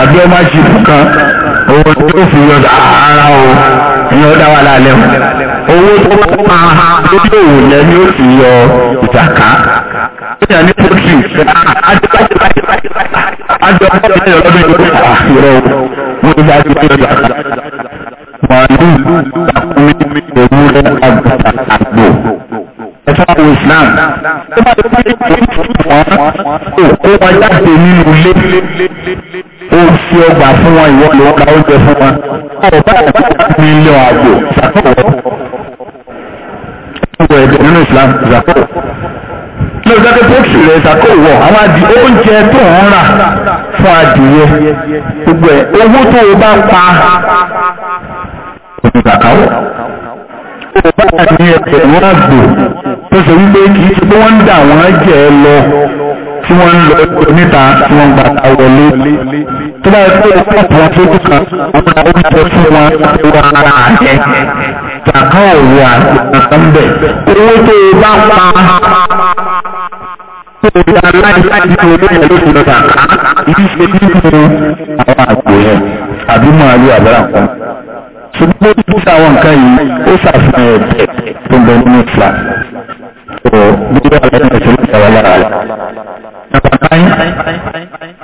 àbí ọmọ àṣìkò kan owó tí ó fi yọ ara o ìyẹn ó dá wà lálẹ́ o owó tó pa lórí òwò yẹn ni ó fi yọ ìjàká ìyá ní pọ́tì adọ́gbọ́n ayọ̀ lọ́dún yóò fà yọ owó ní ìdájọ́ ìjọba màálù takumi ewúrẹ́ àgùntà àgbò. ẹ̀fọ́ àwọn Islam tó bá tó bá yẹ kó wọ́n kó wọn jáde nínú ilé ó fi ọgbà fún wọn ìwọ ló ń ka oúnjẹ fún wọn. ọ̀bá àti mílíọ̀n àgbò ṣàkóso. ọ̀pọ̀ ẹ̀jẹ̀ nínú Islam ṣàkóso ló dákẹ́ pọ́ọ̀tì rẹ̀ ṣàkóòwọ̀ àwọn adì oúnjẹ tó ń rà fún adìyẹ gbogbo ẹ̀ owó tó o bá pa òní kàkàwọ́. Òbá àti ẹgbẹ̀rún àgbò tó ṣe wípé kì í ṣe pé wọ́n ń dà wọ́n jẹ́ ẹ lọ tí wọ́n ń lọ níta tí wọ́n gbà ta wọlé. Tó bá yẹ pé ọkọ̀ wọn tó dùn kan, àwọn oúnjẹ fún wọn ti wá ara rẹ̀. Kàkà òwò àti kankan bẹ̀. Owó tó o bá pa tó o bá láìláìsí olóyè ló ti lọ kàkà, ìdí ṣe kí n fún àwọn àgbò yẹn àbí màálù àbẹ́rẹ́ àkọ́kọ́ ṣùgbọ́n ó ti àwọn nǹkan yìí ó ṣàfihàn ẹ̀jẹ̀ tó ń bẹ nínú ìfà tó bí ó wà lẹ́nu ẹ̀sìn ìfà wà lára rẹ̀. Nàbà náírà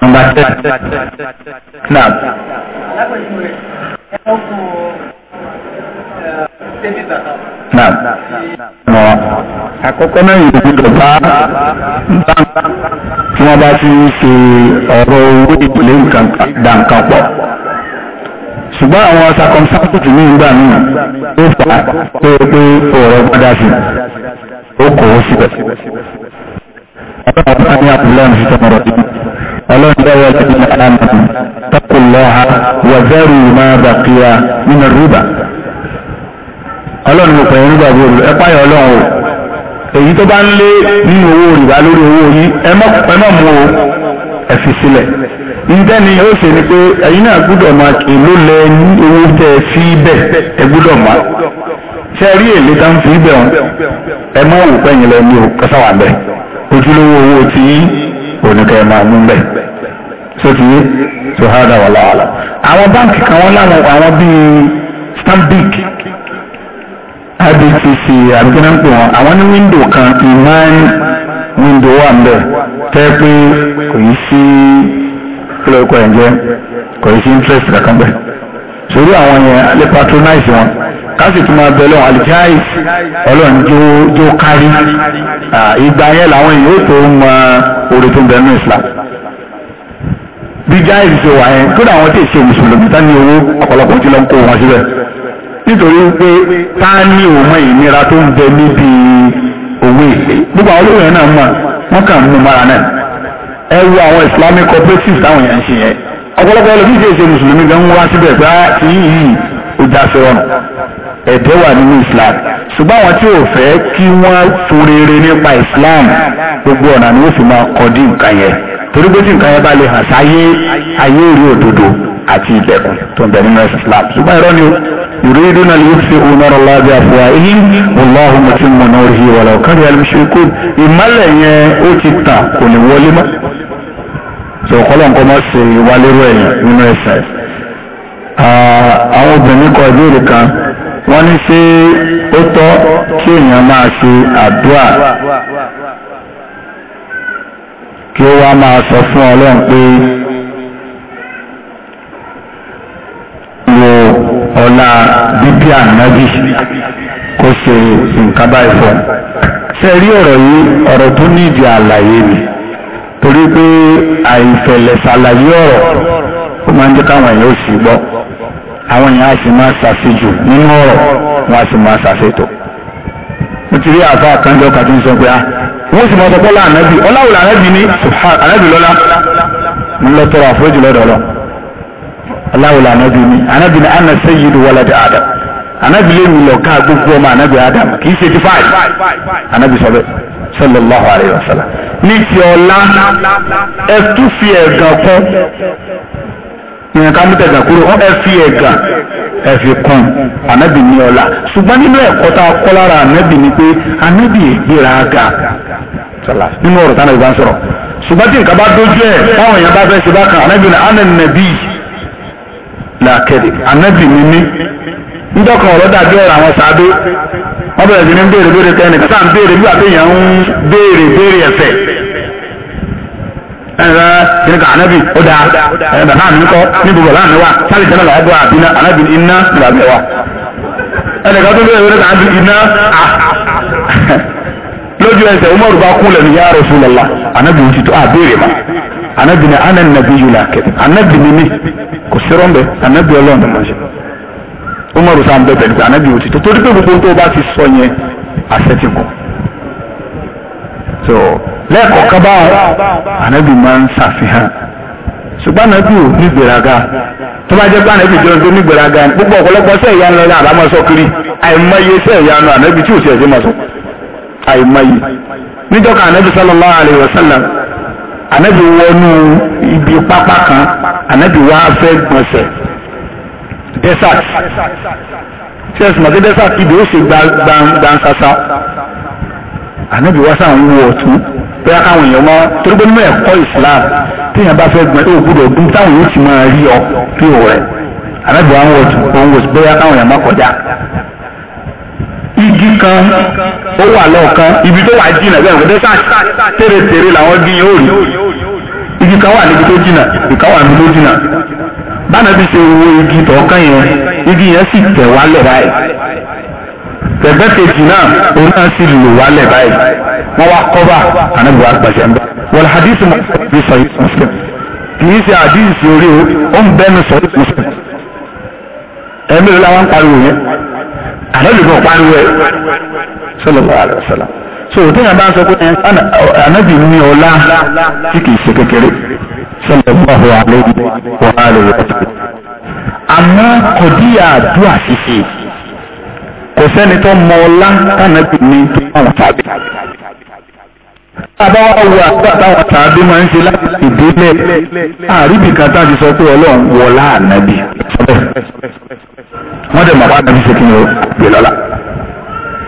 nàbà tẹ́ náà. Náà àkọ́kọ́ náà yìí gbọ́dọ̀ bá bá tí wọ́n bá ti ń ṣe ọ̀rọ̀ owó ìpínlẹ̀ dànkan pọ̀ ṣùgbọ́n àwọn circumstances ní ìgbà míì ó fà á pé pé ọ̀rọ̀ gbọ́dá sí ó kò ó síbẹ̀. ọlọ́run bá ní àbúlé ọ̀hún ṣiṣẹ́ mọ̀rọ̀ sí ọlọ́run bá wọ́n jẹ́ àmì taqullah wa zaru ma baqiya min ar-riba. ọlọ́run mo pẹ̀lú rúbà bí olùrẹ̀ ẹ̀pá ọlọ́run o èyí tó bá ń lé nínú owó rìbá lórí owó yìí ẹ má mú o ẹ fi sílẹ̀ ntẹ́ni ó ṣe ni pé ẹ̀yin náà gbúdọ̀ máa kì í ló lẹ ní owó tẹ́ ẹ fi bẹ̀ ẹ gbúdọ̀ máa ṣe rí èlé tá ń fi bẹ̀ ọ́n ẹ má wò pẹ́yìn lẹ ní kásáwà bẹ̀ ojúlówó owó tí oníkẹ́ máa mú bẹ̀ sóti sòhádà wà láwàlá. àwọn báǹkì kan wọ́n láwọn àwọn bíi stanbic ibtc àbíkínà wọn àwọn ní wíńdò kan ìmáà wíńdò wà ń bẹ̀ tẹ́ pé kò ní sí kí lóko ẹ̀ ń jẹ́ kò sí interest kankan bẹ́ẹ̀ sórí àwọn yẹn lè patronize wọn káṣí tó máa bẹ̀rẹ̀ alìjáìs ọlọ́run jó kárí ìgbà yẹn làwọn èèyàn ó tó mọ orí tó ń bẹnu Islam bí jáìs ṣe wà yẹn kódà àwọn tí ì ṣe mùsùlùmí tá ní owó ọ̀pọ̀lọpọ̀ tí lọ kó wọn síbẹ̀ nítorí pé tá ní òmọ ìnira tó ń bẹ níbi òwe gbogbo àwọn olóyè náà mọ̀ wọ́n kàn mú mara náà. ewu wo àwọn islamic cooperatives táwọn èèyàn ń ṣe yẹn ọ̀pọ̀lọpọ̀ ẹlòmíì ṣe ṣe mùsùlùmí gan wá síbẹ̀ pé ti ah, yìí ó sí ọ̀nà ẹ̀dẹ́ wà nínú islam ṣùgbọ́n àwọn tí ò fẹ́ kí wọ́n nípa islam gbogbo ọ̀nà ni ó sì máa kọ́ dín nǹkan yẹn torí nǹkan yẹn àti ìdẹ̀kùn tó ń bẹ nínú ẹ̀sìn Islam ṣùgbọ́n irọ́ ni yuriduna liyutfi'u nurallahi bi afwahihim wallahu mutimmu nurihi walau kariha al-mushrikun ìmọ́lẹ̀ yẹn ó ti tà kò ní wọlé mọ́ sọ̀kọ́lọ́nkọ́ mọ́ sí wálérò ẹ̀yìn nínú ẹ̀sìn àwọn obìnrin kọ ìbéèrè kan wọ́n ní ṣé ó tọ́ kí èèyàn máa ṣe àdúrà kí ó wá máa sọ fún Ọlọ́run pé ọ̀la bíbí ànábì kó ṣe nǹkan báyìí fún un. ṣe rí ọ̀rọ̀ yìí ọ̀rọ̀ tó ní ìdí àlàyé ni torí pé àìfẹ̀lẹ̀ ṣàlàyé ọ̀rọ̀ ó máa ń jẹ́ káwọn èèyàn ó sì gbọ́ àwọn èèyàn á sì máa ṣàṣejù nínú ọ̀rọ̀ wọn á sì máa ṣàṣètò. mo ti rí àfa àkànjọ kàtí ń sọ pé ah wọ́n sì máa sọ pé ọlá ànábì ọlá òlà ànábì ní ànábì lọ́lá ń lọ tọrọ àforíjì lọ́dọ̀ ọlọ́run aláwòlá anábì ni anábì ni ana sayyidu walad adam anábì lè mi lọ́ka gbogbo ọmọ anábì adam kì í ṣe ti fáàlì anábì sọ bẹ́ẹ̀ sallallahu alayhi wa sallam ní ti ọ̀la ẹ tún fi ẹ̀gàn kún ìyẹn ká mú tẹ̀gàn kúrò ẹ fi ẹ̀gàn ẹ fi kún anábì ní ọ̀la ṣùgbọ́n nínú ẹ̀kọ́ tá a kọ́ lára anábì ni pé anábì ìgbéra ga nínú ọ̀rọ̀ tánà ìbá ń sọ̀rọ̀ ṣùgbọ́n tí nǹkan bá dójú ẹ̀ báwọn èèyàn bá fẹ́ ṣe bákan anábì ní anẹ́nẹ́bí yìí làkẹ́dẹ̀ ànábì mi ní ndọ́kan ọ̀rọ̀ dàbí ọ̀rọ̀ àwọn sàbẹ wọ́n bẹ̀rẹ̀ sí ní béèrè béèrè tẹ́ ẹnìkan sáà ń béèrè bí àbẹ̀yàn ń béèrè béèrè ẹ̀fẹ̀ ẹnìkan ẹnìkan ànábì ó dáa ẹ̀ bàbá mi kọ́ ní gbogbo láàmì wa sáré jẹ́ náà lọ́wọ́ àbí náà ànábì iná làbẹ̀ wa ẹnìkan tó béèrè béèrè ànábì iná lójú ẹsẹ̀ Umaru bá kú lẹ́nu yá Rasulullah ànábì òtítọ́ àbẹ̀rẹ̀ máa anabi ni ana nabi yula kẹ anabi ni mi kò sí rọ́ǹbẹ anabi ọlọ́run ni mo ṣe umaru sáà ń bẹ bẹ̀rẹ̀ pé anabi ò ti tó torí pé gbogbo tó bá ti sọ yẹn àṣẹ ti kù so lẹ́ẹ̀kọ̀ọ̀kan bá anabi máa ń ṣàfihàn ṣùgbọ́n anabi ò ní gbéraga tó bá jẹ́ pé anabi jọ ń tó ní gbéraga ni gbogbo ọ̀pọ̀lọpọ̀ sẹ́ ìyanu lọ́dọ̀ àbámọ́sọ kiri àìmọye sẹ́ ìyanu anabi tí ò sì ẹ̀sìn mọ̀ sọ àìmọye níjọ́ kan anabi wa sallam ànábì wọnú ibi pápá kan ànábì wá fẹ́ gbọ̀nsẹ̀ desert tí ẹ sì mọ̀ pé desert ibi ó ṣe gbansasa ànábì wá sáà ń wọ ọ̀tún bóyá káwọn èèyàn mọ́ torí pé nínú ẹ̀kọ́ Islam tí èèyàn bá fẹ́ gbọ́n ó gbúdọ̀ dún táwọn yóò ti máa rí ọ pé ò rẹ̀ ànábì wá ń wọ ọ̀tún ó ń wọ bóyá káwọn èèyàn má kọjá igi kan ó wà lọ́ọ̀kan ibi tó wà jìnnà bẹ́ẹ̀ nǹkan dẹ́sà tèrètèrè làwọn igi yẹn ó rí igi kan wà níbi tó jìnnà ìkan wà níbi tó jìnnà báná bí ṣe wo igi tọ̀ọ̀kan yẹn igi yẹn sì tẹ̀ wálẹ̀ báyìí tẹ̀gbẹ́ kejì náà òun náà sì lò wálẹ̀ báyìí wọ́n wá kọ́bà ànágbò àgbàṣẹ́ ń bá wọ́n hadith mọ̀ fi sọ yìí muslim kì í ṣe hadith orí o ó ń bẹ́nu sọ yìí muslim ẹ̀mí ló láwọn ń pariwo yẹn ànábì kan pariwo ẹ sallallahu alaihi wasallam so téèyàn bá o sọ pé ànábì ní ọlá tí kìí ṣe kékeré sallallahu alaihi wa alihi wasallam àmọ́ kòdíyà àdúrà ṣíṣe kò sẹ́ni tó o ọlá tànàbì ní tó máa wà sábẹ́. Bàbá wa wo àtàwọn tàbí máa ń ṣe láti ìdílé àríbì ti sọ pé Ọlọ́run wọlá ànábì. Wọ́n dẹ̀ màá ànábì ṣe kí ni ó gbé lọ́la.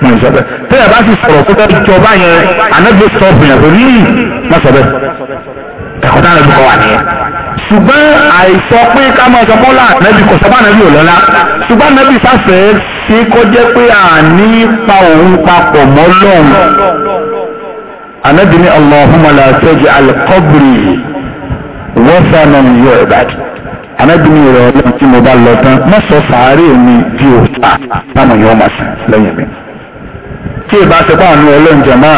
Wọ́n sọ bẹ́ẹ̀. Tẹ́lẹ̀ bá ti sọ̀rọ̀ pé ìjọba yẹn ànábì sọ bìyàn pé rí wọ́n sọ bẹ́ẹ̀. Ẹ̀kọ́ táwọn ẹbí kọ wà nìyẹn. Ṣùgbọ́n àìsọ pé ká máa sọ mọ́lá ànábì kò sọ ànábì ò lọ́la. Ṣùgbọ́n ànábì sáfẹ́ ṣe kọjá pé àní pa òun papọ̀ mọ́ lọ́hùn anabi ni allahumma la taj'al qabri wasanan yu'bad anabi ni ìrọ̀ ọlọ́run tí mo bá lọ tán má sọ sàárè mi di òòtà táwọn yóò máa sìn lẹ́yìn mi tí ìbá ṣe pa àánú ọlọ́run jẹ̀mọ́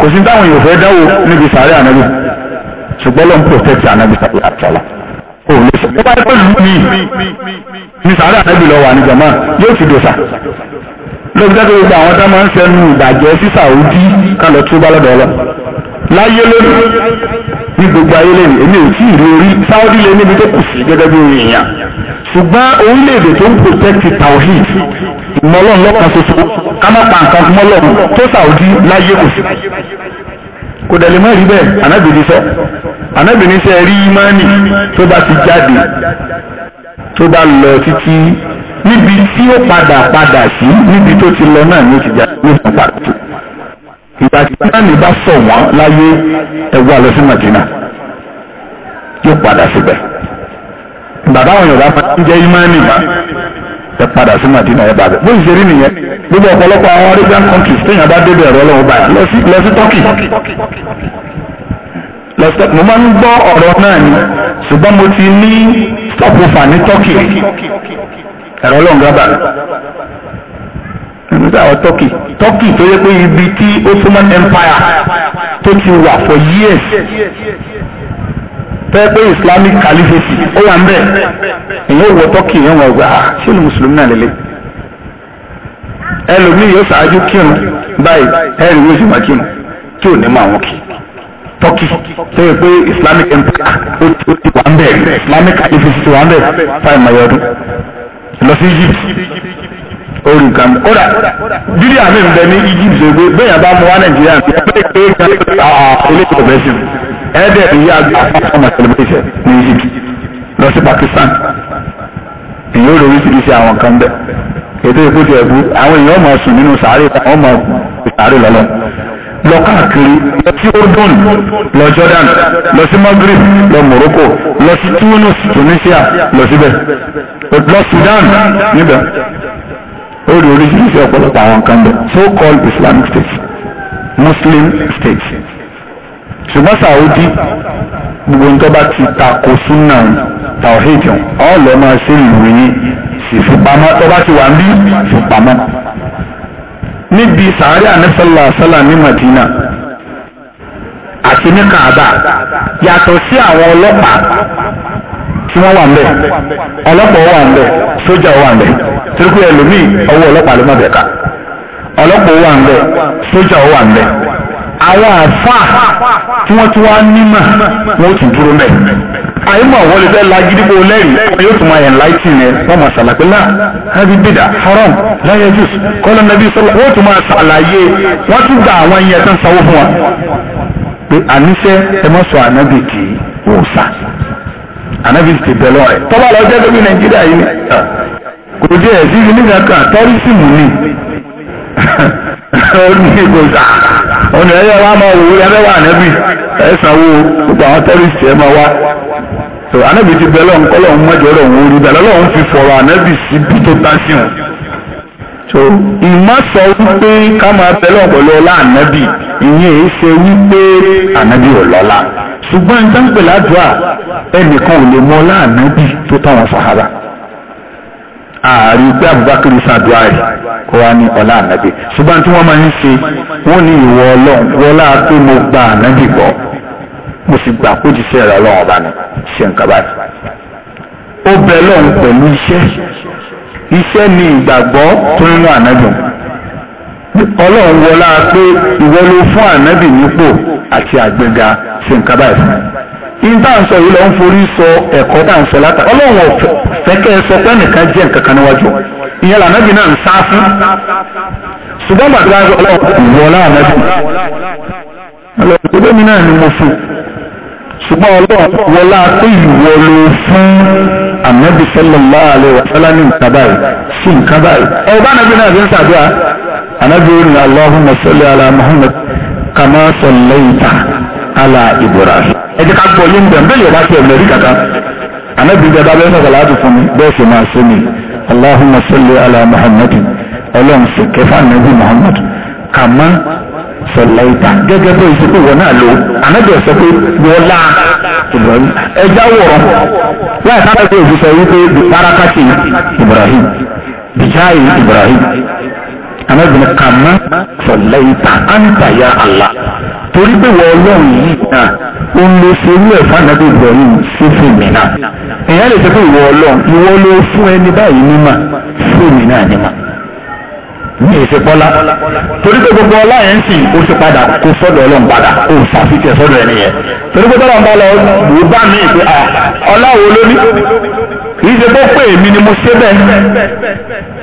kò sí táwọn yóò fẹ́ dáwò níbi sàárè anabi ṣùgbọ́n lọ́n protect anabi sàárè àtàlà kò lè sọ. ó bá yẹ pé lùmí ní sàárè anabi lọ wà ní jẹ̀mọ́ yóò ti dòṣà lọ́jọ́ tó gbogbo àwọn tá máa ń fẹnu ìbàjẹ́ sí Sàúdí kálọ̀ tó bá lọ́dọ̀ ọlọ́ láyé lónìí ní gbogbo ayé lónìí èmi ò tí ì rí orí Sàúdí lé níbi tó kù sí gẹ́gẹ́ bí orin èèyàn ṣùgbọ́n orílẹ̀-èdè tó ń protect tawhid ìmọ̀lọ́n lọ́kàn ṣoṣo ká má pa nǹkan mọ́lọ́run tó Sàúdí láyé kù sí kò dẹ̀ lè má rí bẹ́ẹ̀ anábìrin sọ anábìrin sẹ́ rí imáni tó bá ti jáde tó bá lọ títí níbi tí ó padà padà sí níbi tó ti lọ náà ní ìtìjà ló fún pàtó ìgbà tí báyìí bá sọ wọn láyé ẹgbẹ́ àlọ́ sí màdínà yóò padà síbẹ̀ bàbá àwọn yorùbá máa ń jẹ́ imáni ma ẹ padà sí màdínà ẹ bàbẹ̀ bó ṣe rí nìyẹn gbogbo ọ̀pọ̀lọpọ̀ àwọn arabian countries téèyàn bá débẹ̀ ẹ̀rọ ọlọ́run báyà lọ sí turkey mo máa ń gbọ́ ọ̀rọ̀ náà ni ṣùgbọ́n mo ti ní stop over ní turkey. ẹ̀rọ ọlọ́run gábà nígbà àwọn turkey turkey tó yẹ pé ibi tí Ottoman Empire tó ti wà for years fẹ́ pé Islamic Caliphate ó wà ń bẹ̀ wọ turkey yẹn wọ̀ gbà ah, ṣé ni mùsùlùmí náà lélẹ̀ ẹlòmíì yóò ṣáájú kírun báyìí ẹ̀rì yóò ṣe máa kírun tí ò ní turkey tó yẹ islamic empire ó ti wà ń bẹ̀ islamic caliphate ti wà ń bẹ̀ fáìmù ayọ́dún lọ sí Egypt orí nǹkan mi kódà dídí àmì ń bẹ ní Egypt ṣègbè bẹ́ẹ̀ bá mú wá Nàìjíríà ní ẹgbẹ́ ìpè kan ilé celebration ẹ̀ẹ́dẹ̀ ìyá àgbà ọmọ celebration ní Egypt lọ sí Pakistan èyí ó lè oríṣiríṣi àwọn kan bẹ́ẹ̀ ètò ìkútì ẹ̀bú àwọn èèyàn máa sùn nínú sàárè àwọn máa sàárè lọ́lọ́ lọ káàkiri lọ sí odun lọ Jordan lọ sí Maghrib lọ Morocco lọ sí Tunis Tunisia lọ síbẹ̀ lọ Sudan níbẹ̀ ó rí oríṣiríṣi ọ̀pọ̀lọpọ̀ àwọn nǹkan bẹ̀ so called Islamic states Muslim states ṣùgbọ́n Saudi gbogbo nǹkan bá ti tako sunna tawhid ọ̀lọ́ máa ṣe ìròyìn ìfipamọ́ tó bá ti wà ń bí ìfipamọ́ níbi sàárẹ̀ àníṣàlá àṣàlá ní Madina àti ní Kaaba yàtọ̀ sí àwọn ọlọ́pàá tí wọ́n wà ńbẹ̀ ọlọ́pàá wà ńbẹ̀ sójà wà ńbẹ̀ torí pé ẹlòmíì ọwọ́ ọlọ́pàá ló má bẹ̀ ká ọlọ́pàá wà ńbẹ̀ sójà wà ńbẹ̀ àwọn àfáà tí wọ́n ti wá nímọ̀ wọ́n tún dúró mẹ́ àyímọ̀ àwọn olè fẹ́ la gidigbo lẹ́rìí wọ́n yóò tún máa enlighten ẹ wọ́n máa ṣàlàyé náà hábí bìdà haram láyé jùs kọ́lọ́ nàbí sọ́lá wọ́n tún máa ṣàlàyé wọ́n tún gba àwọn ẹyẹ tán sanwó fún wa pé àníṣe ẹ mọ́ sọ ànábì kì í wòsàn ànábì ti bẹ̀ lọ́rẹ̀ tọ́ba lọ jẹ́ lórí nàìjíríà yìí kò jẹ́ ẹ̀sìn nígbà kan tọ́rísìmù ni ní ìgbòsà ọ̀nà ẹ̀yẹ wa máa wò ẹ mẹ́wàá ànábì ẹ̀sánwó gbogbo àwọn tẹ́rìsì ẹ̀ máa wá tó ànábì ti bẹ̀rẹ̀ ọ̀nkọ́ lọ́hún mọ́jọ́ rẹ̀ òun orí bẹ̀rẹ̀ lọ́hún fi fọ̀rọ̀ ànábì sí bí tó tá sí wọn. tó ìmọ̀ sọ wípé ká máa bẹ̀rẹ̀ ọ̀pọ̀lọ ọlá ànábì ìyẹn èyí ṣe wípé ànábì ò lọ́lá ṣùgbọ́n ìjànpẹ̀ ládùá ẹnìkan ò lè mọ ọlá ànábì tó táwọn sàhárà ààrí pé Abubakar sàdúrà rẹ̀ kó wá ní ọlá ànábì ṣùgbọ́n tí wọ́n máa ń ṣe wọ́n ní ìwọ ọlọ́run wọlá pé mo gba ànábì gbọ́ mo sì gbà kó jíṣẹ́ rẹ̀ ọlọ́run ọba ni ṣe nǹkan báyìí. ó bẹ lọ́run pẹ̀lú iṣẹ́ iṣẹ́ ni ìgbàgbọ́ tó nínú ànábì ọlọ́run wọlá pé ìwọ ló fún ànábì nípò àti àgbéga ṣe nǹkan báyìí fún mi. ìyìn tá ń sọ yìí lọ fẹ́ kẹ́ ẹ sọ pé nìkan jẹ́ nǹkan kan níwájú ìyẹn lànàbì náà ń sá fún ṣùgbọ́n gbàdúrà ọlọ́run wọ láàmẹ́bù ọlọ́run tó bẹ́mi náà ni mo fún ṣùgbọ́n ọlọ́run wọ láàpẹ́ ìwọ ló kama sallaita ala Ibrahim ẹ jẹ́ ká gbọ́ yín bẹ̀rẹ̀ bẹ́ẹ̀ yóò bá tiẹ̀ mẹ́rí kàkà anabi dada bẹ́ẹ̀ sọ̀rọ̀ láti fún mi bẹ́ẹ̀ sì máa ṣe mi allahumma salli ala muhammad ọlọ́run sì kẹfà nàbí muhammad kàmá sọ̀láìta gẹ́gẹ́ bó ṣe pé wọ́n náà lò anabi ọ̀sẹ̀ pé wọ́lá ibrahim ẹja wọ̀rọ̀ láì sábà pé òṣìṣẹ́ wípé bíi parakati ibrahim bíjáì ibrahim anábìnrin kan mọ́ sọ̀lẹ́ ìta àǹtà ya Allah torí pé wọ ọlọ́run yìí náà ó ń lo serú ẹ̀ fànàbí Ibrahim sí fèmí náà èèyàn lè sọ pé ìwọ ọlọ́run ìwọ ló fún ẹni báyìí nímọ̀ fèmí náà nímọ̀ ní ìsepọ́lá torí pé gbogbo ọlá yẹn ń ó ti padà kó sọ́dọ̀ ọlọ́run padà ó sàfihàn sọ́dọ̀ ẹni yẹn torí pé tọ́lọ́run bá lọ wò bá mi pé ọlá wo ló ní pé èmi ni mo ṣe bẹ́ẹ̀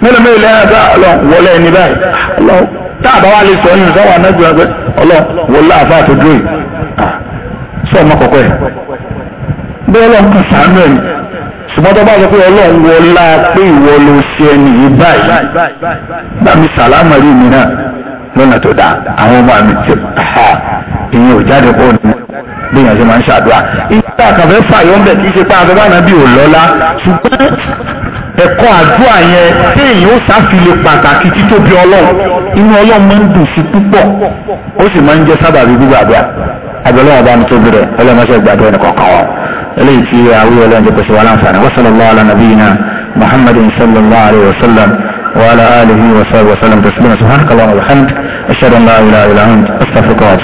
mélòó mélòó lẹ́yìn àgbà ọlọ́ wọlé ẹni báyìí ọlọ́ tá a bá wà lè sọ ẹni sọ wà nájú ẹgbẹ́ ọlọ́ wọlé àfa àtọ́jú yìí sọ ọmọ kọ̀kọ́ yìí bẹ́ẹ̀ lọ́n kan sàánú ẹ̀mí ṣùgbọ́n tó bá sọ pé ọlọ́run wọlá pé ìwọ ló ṣe ẹni yìí báyìí bá mi sàlámà rí mi náà lọ́nà tó dáa àwọn ọmọ mi ti ìyẹn ò jáde pọ̀ nínú bí èèyàn ṣe máa ń ṣàdúrà ìgbà àkànfẹ́ fàyọ́ ń bẹ̀ kí ṣe pé àgbẹ̀ bá náà bí ò lọ́lá ṣùgbọ́n ẹ̀kọ́ àdúrà yẹn téèyàn ó sáfilé pàtàkì títóbi ọlọ́run inú ọlọ́run máa ń dùn sí púpọ̀ ó sì máa ń jẹ́ sábàbí gbígbàdúrà abẹ́lẹ́wọ̀n bá mi tó bẹ̀rẹ̀ ọlọ́mọṣẹ́ gbàdúrà ẹnì kọ̀ọ̀kan wọn eléyìí tí àwíyọ ọlọ́run jẹ́ pèsè wa láǹfààní wa sallallahu ala nabiyyina muhammadin sallallahu alayhi wa sallam wa ala alihi wa sahbihi wa sallam taslima subhanaka allahumma